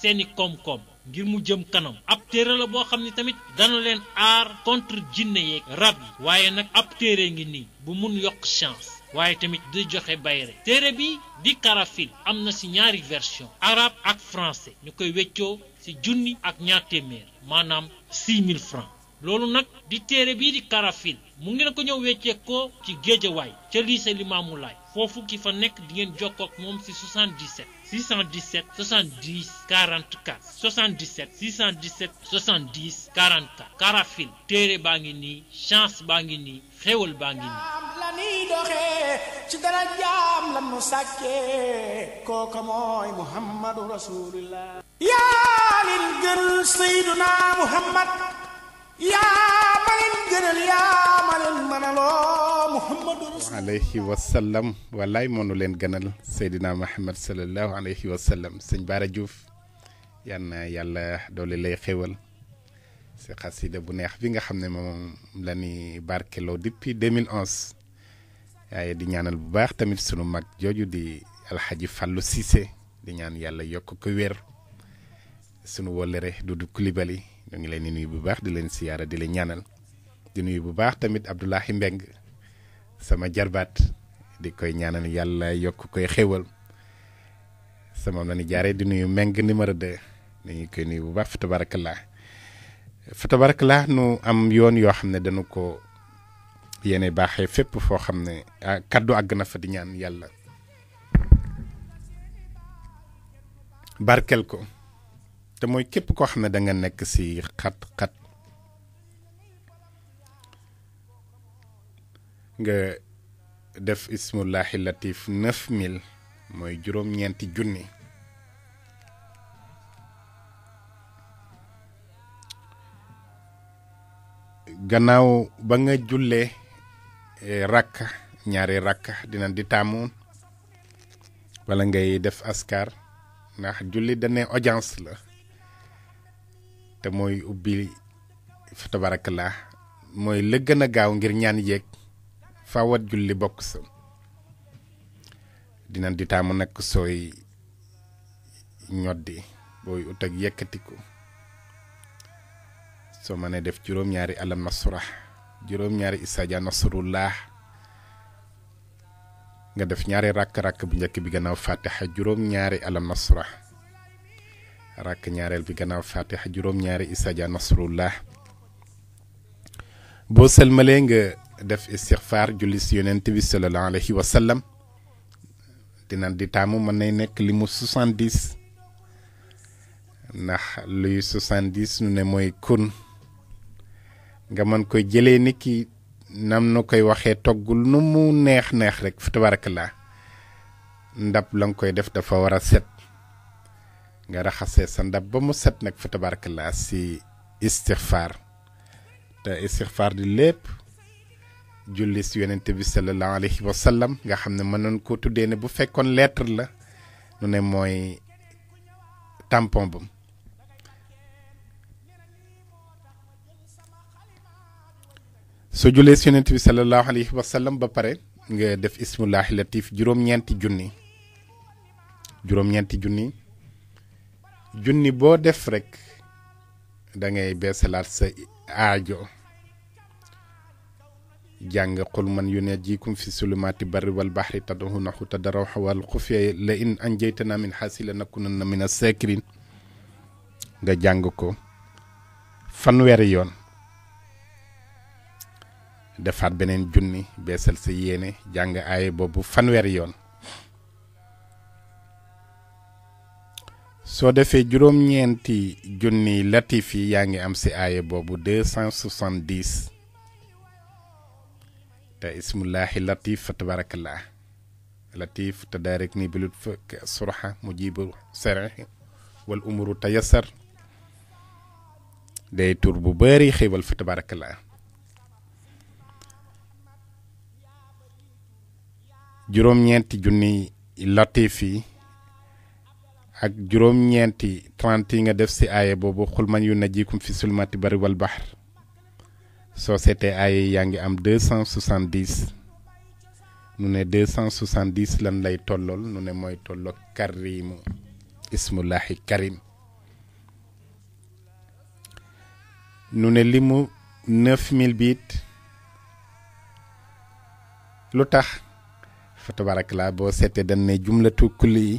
seeni koom-koom ngir mu jëm kanam ab téere la boo xam ne tamit dana leen aar contre jinne yeeg rab yi waaye nag ab téere ngi nii bu mun yokk chance waaye tamit di joxe bayre téere bi di karafil am na ci ñaari version arabe ak français ñu koy weccoo ci junni ak ñaar téeméer maanaam 6000 francs loolu nak di téré bi di karafil mu nako ñew wéccé ko ci way ci lycée limaamu lay fofu ki fa nek di ngeen ak mom si 77 617 70 44 77 617 70 44 karafil téré baa ngi nii chance baa ngi nii xéwal baa ngi nii ci dara la lil gën sayyiduna muhammad yaa ma leen gënal yaa ma leen mënaloo muhammadu rasul alayhi wasallam wallaay moonu leen gënal seydina muhammad salallahu alayhi wasallam sëñ baara diouf yal na yàlla doole lay xéwal si xasida bu neex bi nga xam ne moom la ni barkeloo depuis 2011 waaye di ñaanal bu baax tamit sunu mag jooju di alxaji fàllu siise di ñaan yàlla yokk ko wér sunu wóllëre Dudu Kulibali ñoo ngi leen di bu baax di leen di leen ñaanal di nuyu bu baax tamit Abdoulahi Mbeng sama jarbaat di koy ñaanal yàlla yokk koy xéwal sama na ni di nuyu Mbeng numéro 2 dañuy koy bu baax fa tabarakallah foto tabarakallah nu am yoon yoo xam ne dañu ko yéene baaxee fépp foo xam ne kàddu àgg na fa di ñaan yàlla barkel ko te moy képp koo xam ne da nga nekk si xat-xat nga def ismullahi latif 9.000. mille mooy juróom-ñeenti junni gannaaw ba nga jullee eh, rakka ñaari rakka dina di taamu wala ngay def askar Nah julli dane audience la te moy ubbi tabarakallah moy le gëna gaaw ngir ñaan fa wat julli bokk sa dinañ di taamu nak soy ñoddi boy ut ak yëkkatiku so mané def juroom ñaari alam nasura juroom ñaari isaja nasrullah nga def ñaari rak rak bu ñëk bi gënaaw fatiha juroom ñaari alam nasura rakk ñaareel bi gannaaw fatiha juróom-ñaari isaja nasrullah boo sëlmalee nga def istixfaar julli si yonent bi sallallahu alayhi wa sallam dina di taamu mën nay nekk li mu 70 ndax luy 70 nu ne mooy kun nga man koy jëlee ni ki nam nu koy waxee toggul nu mu neex neex rek fi tabarakallah ndab la koy def dafa war a set nga raxasee sa ndab ba mu set nag fa tabarakallah si istixfaar te istixfaar di lépp julli si yonent bi sallallahu alayhi wa nga xam ne mën mënoon ko tuddee ne bu fekkoon lettre la nu ne mooy tampon bam soo jullee si yonent bi sallallahu alayhi wa ba pare nga def ismullahi latif juróom-ñeenti junni juróom-ñeenti junni junni boo def rekk dangay ngay beesalaat sa aajo jàng qul man yunaajiikum fi sulumaati barri wal baxri tad'uunahu tadarru'an wal xufyya la in anjaytanaa min haazihil lanakuunanna mina shaakiriin nga jàng ko fanweeri yoon defaat beneen junni beesal sa yéene jàng aaye boobu fanweeri yoon soo defee juróom-ñeenti junni latif yi yaa ngi am si aaya boobu 270 cent soixante te ismullahi latif fa tabarakallah latif tadarik ni bilut fa surha mujibu sere wal umuru tayassar day tur bu bëri xéewal fa tabarakallah juróom-ñeenti junni latif yi ak juróom-ñeenti trente yi nga def si aaya boobu xul man yu najikum fi sulmati bari bahr soo seetee aaya yaa ngi am deux cent soixante dix nu ne deux cent soixante lan lay tollool nu ne mooy tolloo karimu ismullahi karim nu ne limu mu neuf mille biit lu tax fa tabarak la boo seetee dañ ne jumlatu kulli yi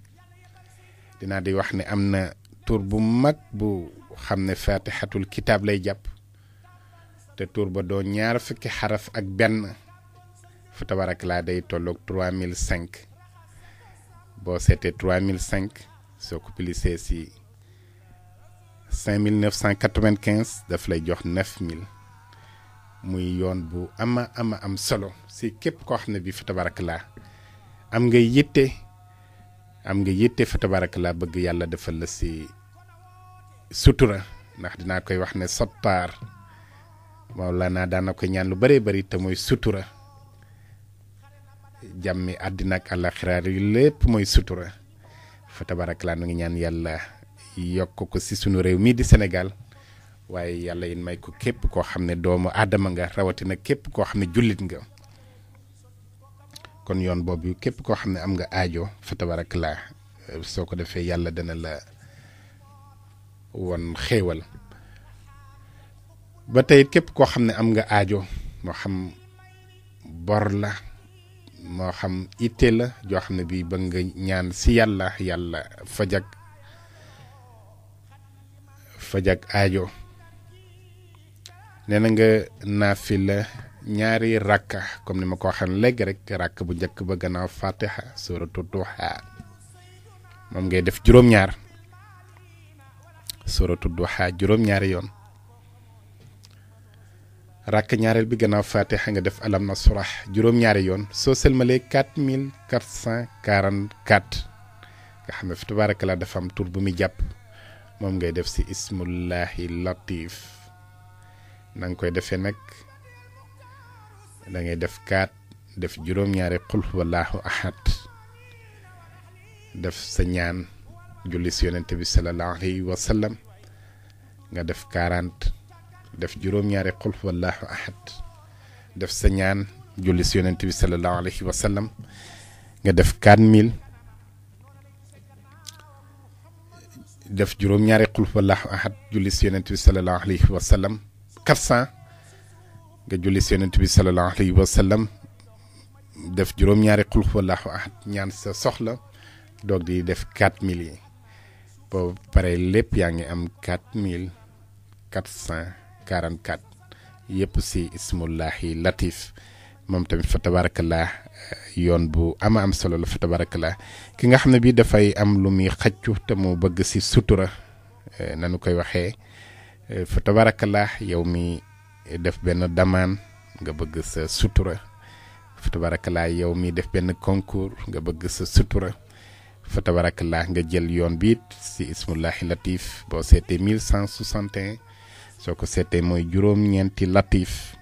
dina di wax ne am na tur bu mag bu xam ne faatixatul kitaab lay jàpp te tur ba doo ñaar fukki xaraf ak benn fu tabarak laa day tolloog 3005 boo seetee 3005 soo ko pilisee si 5995 daf lay jox 9000 muy yoon bu ama ama am solo si képp koo xam ne bi fa tabarak laa am nga yitte am nga yitte fa tabaraka laa bëgg yàlla defal la si sutura ndax dinaa koy wax ne sattaar Mawlana daana ko ñaan lu bëree bari te mooy sutura jàmmi àddina ak àllaxiraar yi lépp mooy sutura fa tabaraka laa nu ngi ñaan yàlla yokk ko si sunu réew mii di senegal waaye yàlla yéen may ko képp koo xam ne doomu aadama nga rawatina képp koo xam ne jullit nga. kon yoon boobu képp koo xam ne am nga aajo fa tabarak laa euh, soo ko defee yàlla dana la won xéewal ba tey képp koo xam ne am nga ajo moo xam bor la moo xam itte la joo xam ne bii ba nga ñaan si yàlla yàlla fajag fajag aajo nee na nga naafi la Nyari rakka comme ni ma ko waxan leg rek rak bu njëkk ba gannaaw fatiha suratul duha mom ngay def juróom ñaar suratul duha juróom ñaari yoon rak ñaareel bi gannaaw fatiha nga def alam nasrah surah juróom ñaari yoon soo selmalee 4444 nga xam ne fi tabaarakala dafa am tur bu mi japp mom ngay def ci ismullahi latif nang koy defé nak da ngay def kaat def juróom-ñaari qul huwallahu ahad def sa ñaan julli si yonente bi salallahu alayhi wa sallam nga def 40 def juróom-ñaari qul huwallahu ahad def sa ñaan julli si yonente bi salallahu alayhi wa sallam nga def 4000 def juróom-ñaari qul huwallahu ahad julli si yonente bi salallahu alayhi wa sallam 400 nga julli si yonent bi sallallahu alayhi wa sallam def juróom-ñaari xul wallahu ahad ñaan sa soxla doog di def 4000 yi boo pare lépp yaa ngi am 4444 yëpp si ismullahi latif moom tamit fa tabarakallah yoon bu ama am solo la fa tabarakallah ki nga xam ne dafay am lu muy xaccu te mu bëgg si sutura nanu koy waxee fa tabarakallah yow mi def ben damaan nga bëgg sa sutura fa tabarakalaa yow mi def ben concours nga bëgg sa sutura fa tabarakalaa nga jël yoon biit si ismullahi latif bo seetee 1161 soko ko moy mooy juroom latif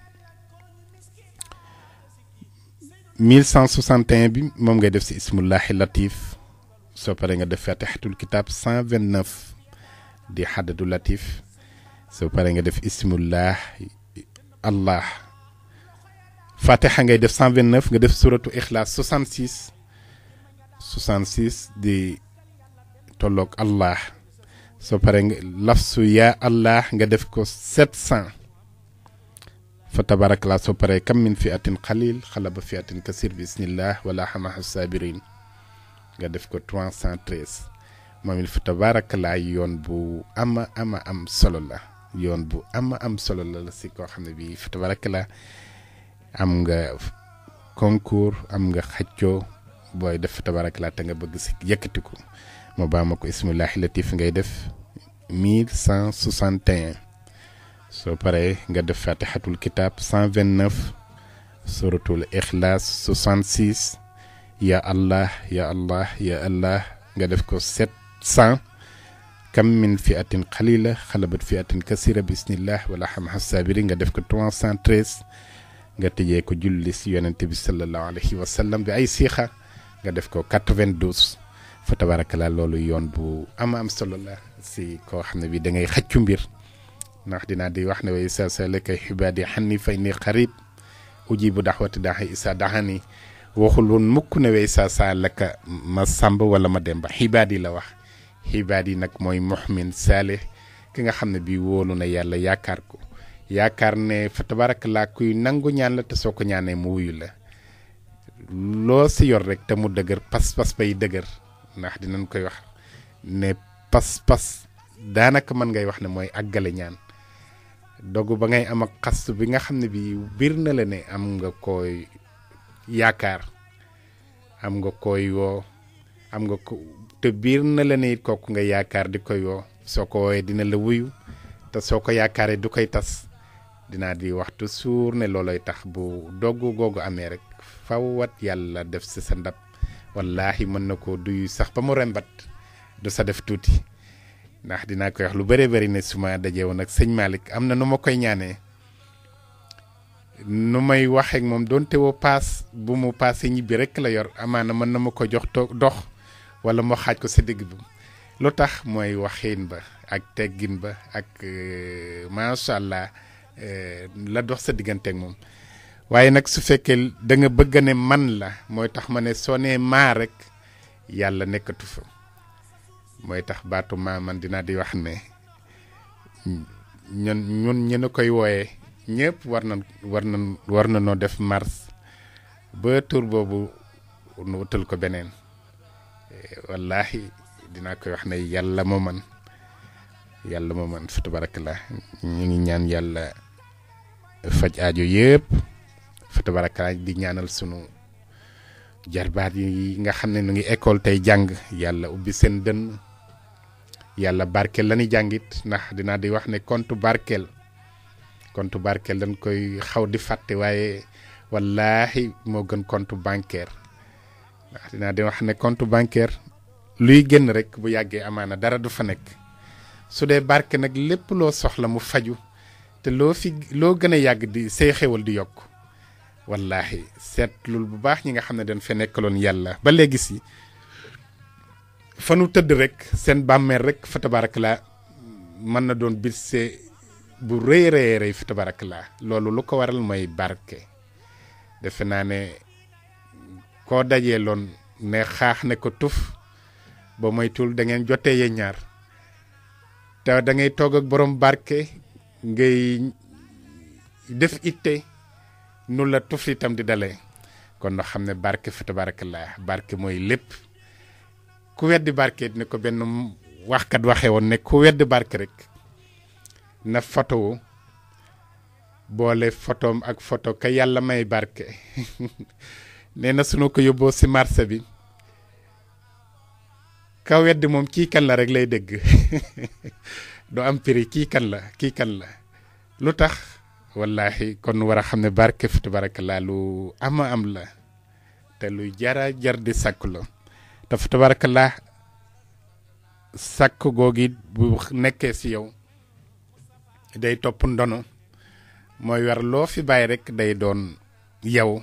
1161 bi mom ngay def si ismullahi latif so paré nga def fatihatul kitab 129 di xaddadu latif so paré nga def ismullah الله فاتحة ngay def 129 nga def سورة إخلاص 66 66 دي تولوك الله سو باري لفسو يا الله nga def ko 700 فتبارك الله سو باري كم من فئة قليل خلب فئة كثير بإذن الله ولا حماح السابرين nga def ko 313 mamil fa tabarak la yon bu ama ama am solo yoon bu am am solo la si koo xam ne bii fa tabarakalla am nga concours am nga xaccoo booy def fa tabarakalla te nga bëgg si yëkkatiku moo baa ma ko ismillahi latif ngay def 1161 soo paree nga def fatihatul kitab 129 suratul ixlaas 66 ya allah ya allah ya allah nga def ko 700 كم من فئة قليلة خلبت فئة كثيرة بإذن الله ولا حمح السابرين قد في 313 قد تجيك جلس ينتبه صلى الله عليه وسلم بأي سيخة قد في 92 فتبارك الله لولو يون بو أما أم صلى الله سي كو حمد بي دنجي خاتشم بير نحن دي وحنا ويسا سالك حبادي حني فإني قريب أجيب دعوة دعي إسا دعاني وخلون مكونا ويسا سالك ما ولا ما دمبا حبادي xibaar yi nag mooy muhmin saalih ki nga xam ne bii wóolu na yàlla yaakaar ko yaakaar ne fa tabarak laa kuy nangu ñaan la te soo ko ñaanee mu wuyu la loo si yor rek te mu dëgër pas-pas bay dëgër ndax dinañ koy wax ne pas-pas daanaka mën ngay wax ne mooy àggale ñaan dogu ba ngay am ak xastu bi nga xam ne bii biir na la ne am nga koy yaakaar am nga koy woo am nga ko te biir na la ne kooku nga yaakaar di koy woo soo ko woowee dina la wuyu te soo ko yaakaaree du koy tas dinaa di waxtu suur ne looloy tax bu dogg googu amee rek fawwat yàlla def si sa ndab wallaahi mën na koo duyu sax ba mu rembat du sa def tuuti ndax dina koy wax lu bëree bëri ne su dajee woon ak sëñ maalik am na nu ma koy ñaanee nu may waxeek moom doonte woo paas bu mu paasee ñibbi rek la yor amaana mën na ma ko jox dox wala moo xaaj ko sa digg bi lu tax mooy waxiin ba ak teggin ba ak euh, macha allah euh, la dox sa digganteeg moom waaye nag su fekkee danga nga bëgg ne man la mooy tax ma ne soo ma maa rek yàlla nekkatu fa mooy tax baatu maa man dinaa di wax ne ñun ñun ñu nu koy wooyee ñëpp war na war na war na noo def mars ba tur boobu nu wutal ko beneen wallahi dina koy wax ne yalla yalla man yalla mo man fa tabarakallah ñi ngi ñaan yalla faj aajo yeb fa tabarakallah di ñaanal sunu jarbaat yi nga xamne ñu ngi école tay jang yalla ubbi sen den yalla barkel la jangit nah dina di wax ne kontu barkel kontu barkel dañ koy xaw di fatte waye wallahi mo gën kontu bancaire waaw dinaa di wax ne compte bancaire luy génn rek bu yàggee amaana dara du fa nekk su dee barke nag lépp loo soxla mu faju te loo fi loo gën a yàgg di say xewal di yokk wallaahi seetlul bu baax ñi nga xam ne dañ fe nekkaloon yàlla ba léegi si fanu tëdd rek seen bàmmeel rek fa tabarakalaa mën na doon birse bu rëy rëy rëy fa tabarakalaa loolu lu ko waral mooy barke defe naa ne ko dajé lon ne xax ne ko tuf ba tul da ngeen jotee ye ñaar te da ngay toog ak borom barke ngay def itte nu la tuf itam di dalé kon no xamné barké barke fa tabarakallah barke moy lip, ku wedd barke ne ko benn kat waxé won né ku wedd barke rek na photo boole fotoom ak foto ka yalla may barke nee na sunu ko yóbboo si marché bi ka weddi moom kii kan la rek lay dégg du am prix kii kan la kii kan la lu tax wallaahi kon war a xam ne barke fi tabarakallaa lu ama am la te luy jara jar di sàkk la te fi tabarakallaa sàkk googi bu nekkee si yow day topp ndono mooy war loo fi bàyyi rekk day doon yow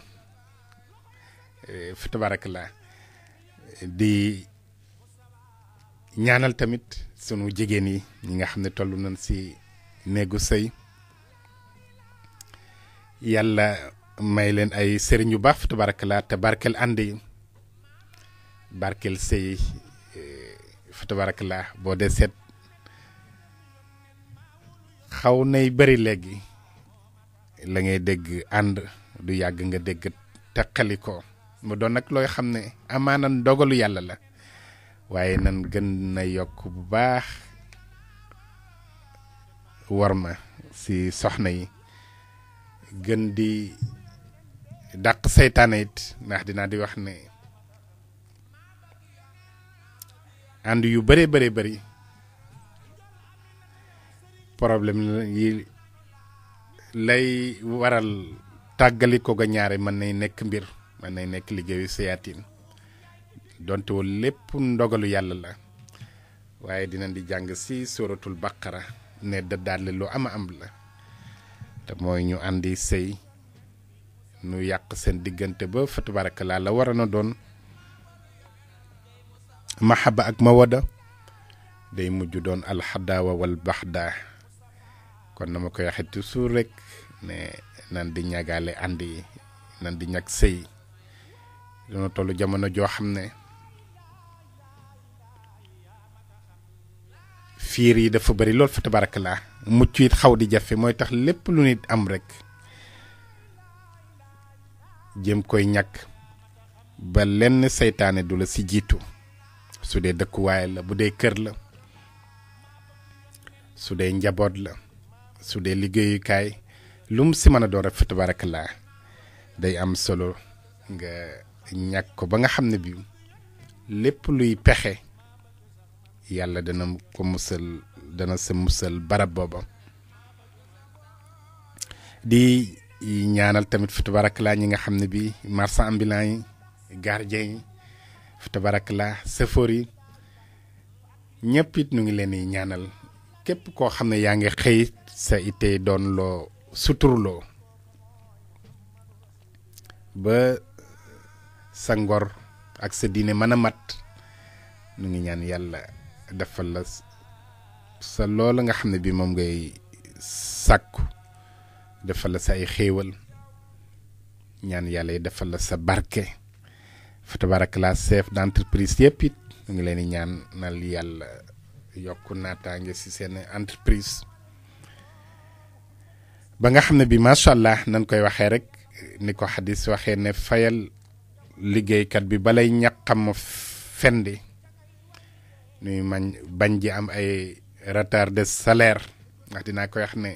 fi la di ñaanal tamit sunu jigéen yi ñi nga xam ne toll nañ si néegu sëy yàlla may leen ay sëriñ yu baax fi tabarakallah te barkeel ànd yi barkeel sëy eh, fi tabarakallah boo dee seet xaw nay bari léegi la ngay dégg ànd du yàgg nga dégg teqali ko mu doon nag looy xam ne amaana ndogalu yàlla la waaye nan gën na yokk bu baax war ma si soxna yi gën di dàq seytaane it ndax dinaa di wax ne ànd yu bare bëri bëri problème yi lay waral tàggali ko ga ñaare mën nay nekk mbir mën nay nekk liggéeyu seyaatin dontewul woon lépp ndogalu yàlla la waaye dinañ di jàng si sóoratul baqara ne dëddaale lu ama am la te mooy ñu àndi sëy nu yàq seen diggante ba fa tabarakalaa la war a na doon mahaba ak mawada day mujj doon alxadaawa wal baxdaa kon na ma koy waxee toujours rek ne nan di ñagaale àndi nan di ñag sëy dina toll jamono joo xam ne fiir yi dafa bari lool fa tabarakalaa mucc it xaw di jafe mooy tax lépp lu nit am rek jëm koy ñakk ba lenn seytaane du la si jiitu su dee dëkkuwaay la bu dee kër la su dee njaboot la su dee liggéeyukaay lu mu si mën a doon rek fa tabarakalaa day am solo nga ñàkk ko ba nga xam ne bii lépp luy pexe yàlla dana ko musal dana sa musal barab booba di ñaanal tamit fi tabarakalaa ñi nga xam ne bii marsan ambulant yi gardien yi fi tabarakalaa sëfoor yi ñëpp it nu ngi leen di ñaanal képp koo xam ne yaa ngi xëy sa itee doon loo suturloo ba sangor ak sa diine mën a mat nu ngi ñaan yàlla defal la sa loola nga xam ne bi moom ngay sàkku defal la sa ay xéewal ñaan yàlla yi defal la sa barke fa tabarakalaa chef d' entreprise yëpp it nu ngi leen di ñaan nal yàlla yokk naataange si seen entreprise ba nga xam ne bi macha allah nan koy waxee rek ni ko xadis waxee ne fayal liggéeykat bi balay ñaqam fendi nuy mañ bañ ji am ay retard de salaire ndax dinaa koy wax ne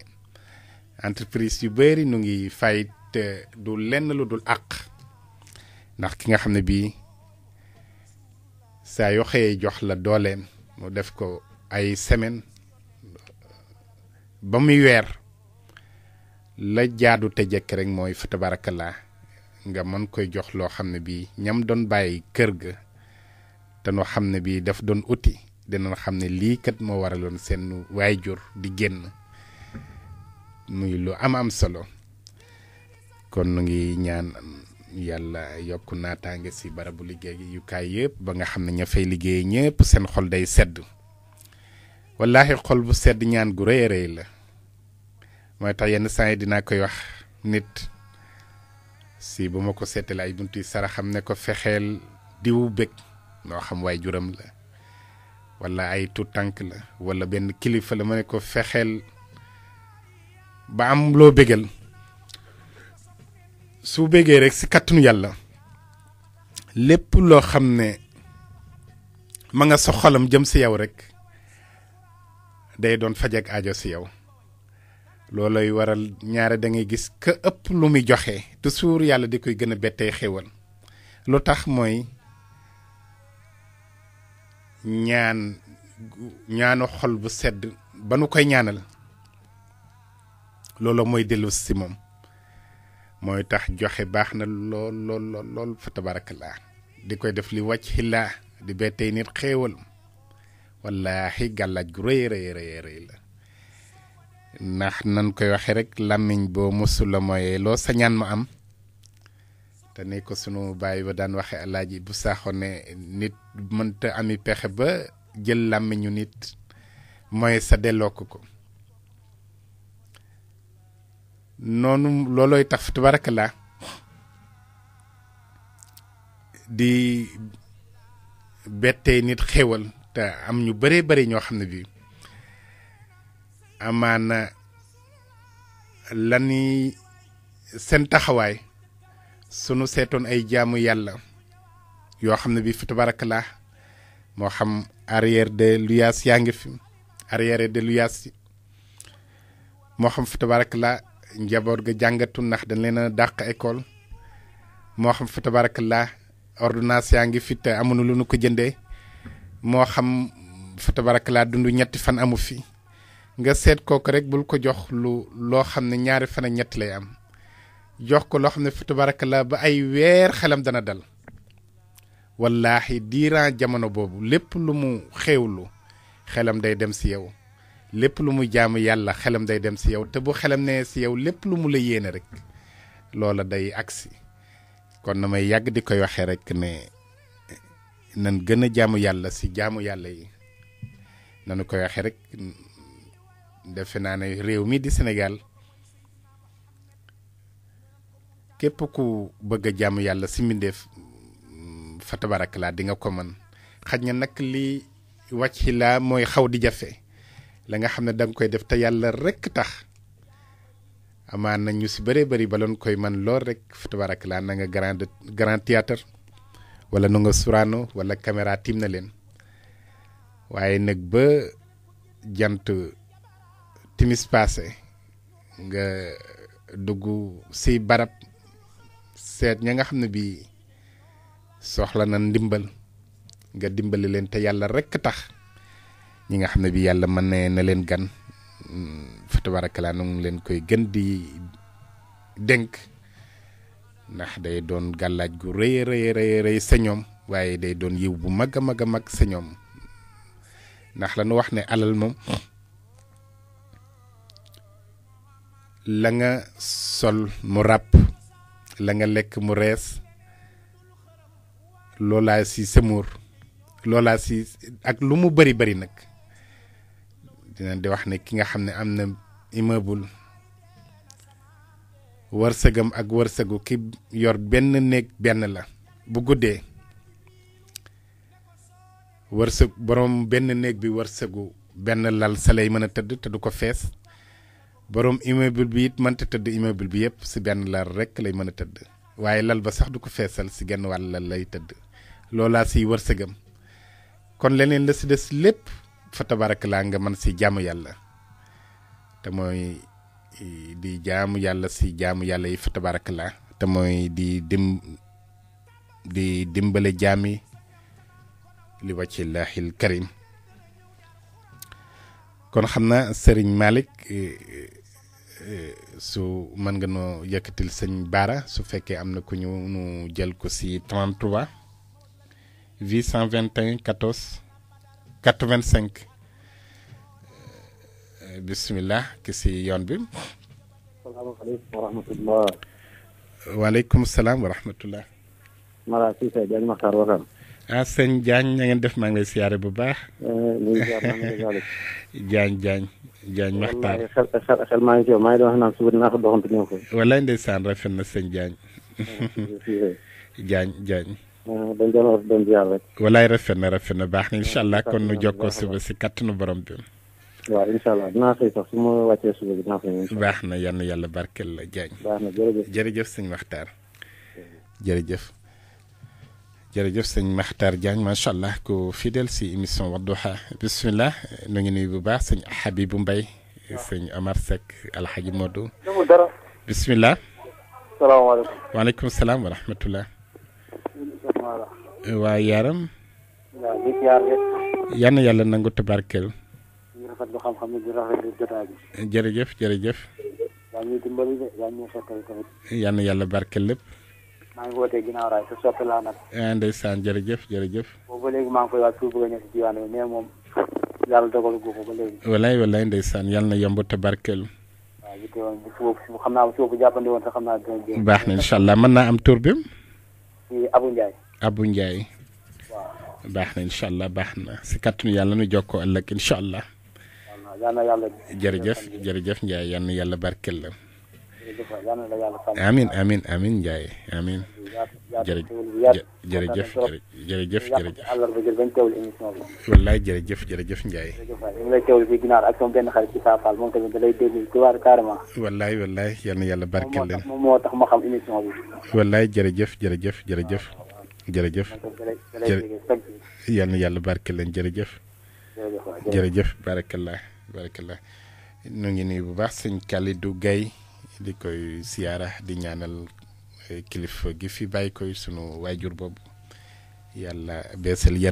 entreprise yu bëri nu ngi fay te du lenn lu dul àq ndax ki nga xam ne bii sa yoxee jox la dooleem mu def ko ay semaine ba muy weer la jaadu te jekk rek mooy fa tabarakallah nga mën koy jox loo xam ne bii ñam doon bàyyi kër ga te noo xam ne bii daf doon uti dinañ xam ne lii kat moo waraloon seen waayjur di génn muy lu am am solo kon nu ngi ñaan yàlla yokk naataange si barabu liggéey yu kaay yëpp ba nga xam ne ña fay liggéey ñëpp seen xol day sedd wallaahi xol bu sedd ñaan gu rëy a la mooy tax yenn saa yi dinaa koy wax nit. si bu ma ko seetalee ay bunti saraxam ne ko fexeel diwu bëgg noo xam waay juram la walla ay tu tànk la wala benn kilifa la ma ne ko fexeel ba am loo bégal su béggee rek si kàttanu yàlla lépp loo xam ne ma nga soxalam jëm si yow rekk day doon faj ajo si yow loolay waral ñaare dangay gis ka ëpp lu muy joxe toujours yàlla di koy gën a bettee xéwal lu tax mooy ñaan ñaanu xol bu sedd ba nu koy ñaanal loolu mooy dellu si moom mooy tax joxe baax na lool lool lool lool fa tabarakallah di koy def li wàcc xilaa di bettee nit xéewal wallaahi gàllaaj gu rëy rëy rëy la ndax nan koy waxee rek làmmiñ boo mosula mooyee loo sañaan ma am te ni ko sunu bàyyi ba daan waxee alaaji bu saaxoo ne nit mënta ami pexe ba jël làmmiñu nit mooy sa delloo ko ko noonu loolooy tax tabaraka laa di bettee nit xéwal te am ñu bëree bëri ñoo xam ne bii amaana lanuy seen taxawaay sunu seetoon ay jaamu yàlla yoo xam ne bi fi tabarakallah moo xam arrière de luyaas yaa ngi fi arrière de luyaas yi moo xam fi tabarakallah njaboot ga jàngatu ndax da leen a dàq école moo xam fi tabarakallah ordonnance yaa ngi fi te amuñu lu nu ko jëndee moo xam fi tabarakallah dund ñetti fan amu fi nga seet kooku rek bul ko jox lu loo xam ne ñaari fan ak ñett lay am jox ko loo xam ne fa tabarakallah ba ay weer xelam dana dal wallaaxi diiran jamono boobu lépp lu mu xéewlu xelam day dem si yow lépp lu mu jaamu yàlla xelam day dem si yow te bu xelam nee si yow lépp lu mu la yéene rek loola day agsi kon na may yàgg di koy waxee rek ne nan gën a jaamu yàlla si jaamu yàlla yi nanu koy waxee rek defe naa ne réew mii di senegal képp ku bëgg jàmm yàlla si mbindeef mm, fa laa di nga ko man xaj na nag li wàcc laa mooy xaw di jafe la nga xam ne da koy def te yàlla rekk tax amaan na ñu si bëree bari baloon koy man lool rek fa tabarak laa na nga grand grand théâtre wala nu nga suraano wala caméra tiim na leen waaye nag ba jant timis passé nga dugg si barap seet ña nga xamne bi soxla na ndimbal nga dimbali len te yalla rek tax ñi nga xamne bi yalla mané na len gan fa tabarakala nu len koy gën di denk nah day doon gàllaaj gu reey reey reey reey sa ñoom day doon yew bu mag mag ndax la wax ne alal mom la nga sol mu ràpp la nga lekk mu rees loolaa si sëmuur loolaa si ak lu mu bari bari nag dina di wax ne ki nga xam ne am na immeuble wërsëgam ak wërsëgu ki yor benn néeg benn la bu guddee wërsëg borom benn néeg bi wërsëgu benn lal sa lay mën a tëdd te du ko fees borom immeuble bi it mënta tëdd immeuble bi yëpp si benn lal rekk lay mën a tëdd waaye lal ba sax du ko feesal si genn wàll lal lay tëdd loolaa siy wërsëgam kon leneen la si des lépp fa tabaraka laa nga mën si jaamu yàlla te mooy di jaamu si jaamu yàlla yi fa tabaraka te mooy di di dimbale jaami li wàccillahil karim kon xam na Sëriñ Malick Eh, su mën nga noo yëkkatil sëñ Bara su fekkee am na ku ñu nu jël ko si 33 821 14 85 bisimilah ki si yoon bi. salaamaaleykum wa waaleykum salaam wa rahmatulah. Mara Cissé Diagne Makhtar Wakam. ah sëñ Diagne na ngeen def maa ngi lay siyaare bu baax. Eh, jaañ jaañ jaañ maxtaar xel xel maa rafet na sëñ jaañ jaañ jaañ dañ doon rafet na rafet na baax na ah, incha allah kon nu jokkoo suba si kattanu borom bi waaw baax na yann yàlla barke la jaañ baax jërëjëf jërëjëf sëñ jërëjëf jërëjëf sëñ Makhtar Diagne macha allah ku fidel si émission Wadduha bisimilah nu ngi nuy bu baax sëñ Habibou Mbaye sëñ Omar Seck Alhaji Modou. dara bisimilah. salaamaaleykum. waaleykum salaam wa rahmatullah waa Yaram. yan yàlla nangu tabarkel. ñu rafetlu xam jërëjëf jërëjëf. yàlla barkel lépp. maa ngi wootee ginnaaw raay sa soppe laa eh, boobu léegi maa ngi koy waaj pour bëgg a ñëw si diwaan bi mais moom yàlla dogal gu ko ba na yomb te barkeel. baax na incha allah mën naa am tur bi. si Abou baax na incha allah baax na si kàttanu yàlla nu jokkoo ëllëg incha allah. waaw yàlla na yàlla. jërëjëf jërëjëf na yàlla barkeel la amiin amiin amiin Ndiaye amiin. jërëjëf jërëjëf jërëjëf jërëjëf. wallaay jërëjëf jërëjëf Ndiaye. wallaay wallaay yal na yàlla barkeel leen. wallaay jërëjëf jërëjëf jërëjëf. jërëjëf yal na yàlla barkeel leen jërëjëf. jërëjëf barakallah barakallah ñu ngi nuyu bu baax sëñ Kalidou Gaye di koy siyaara di ñaanal eh, kilifa gi fi bàyyi koy sunu waajur boobu yàlla beesal yaram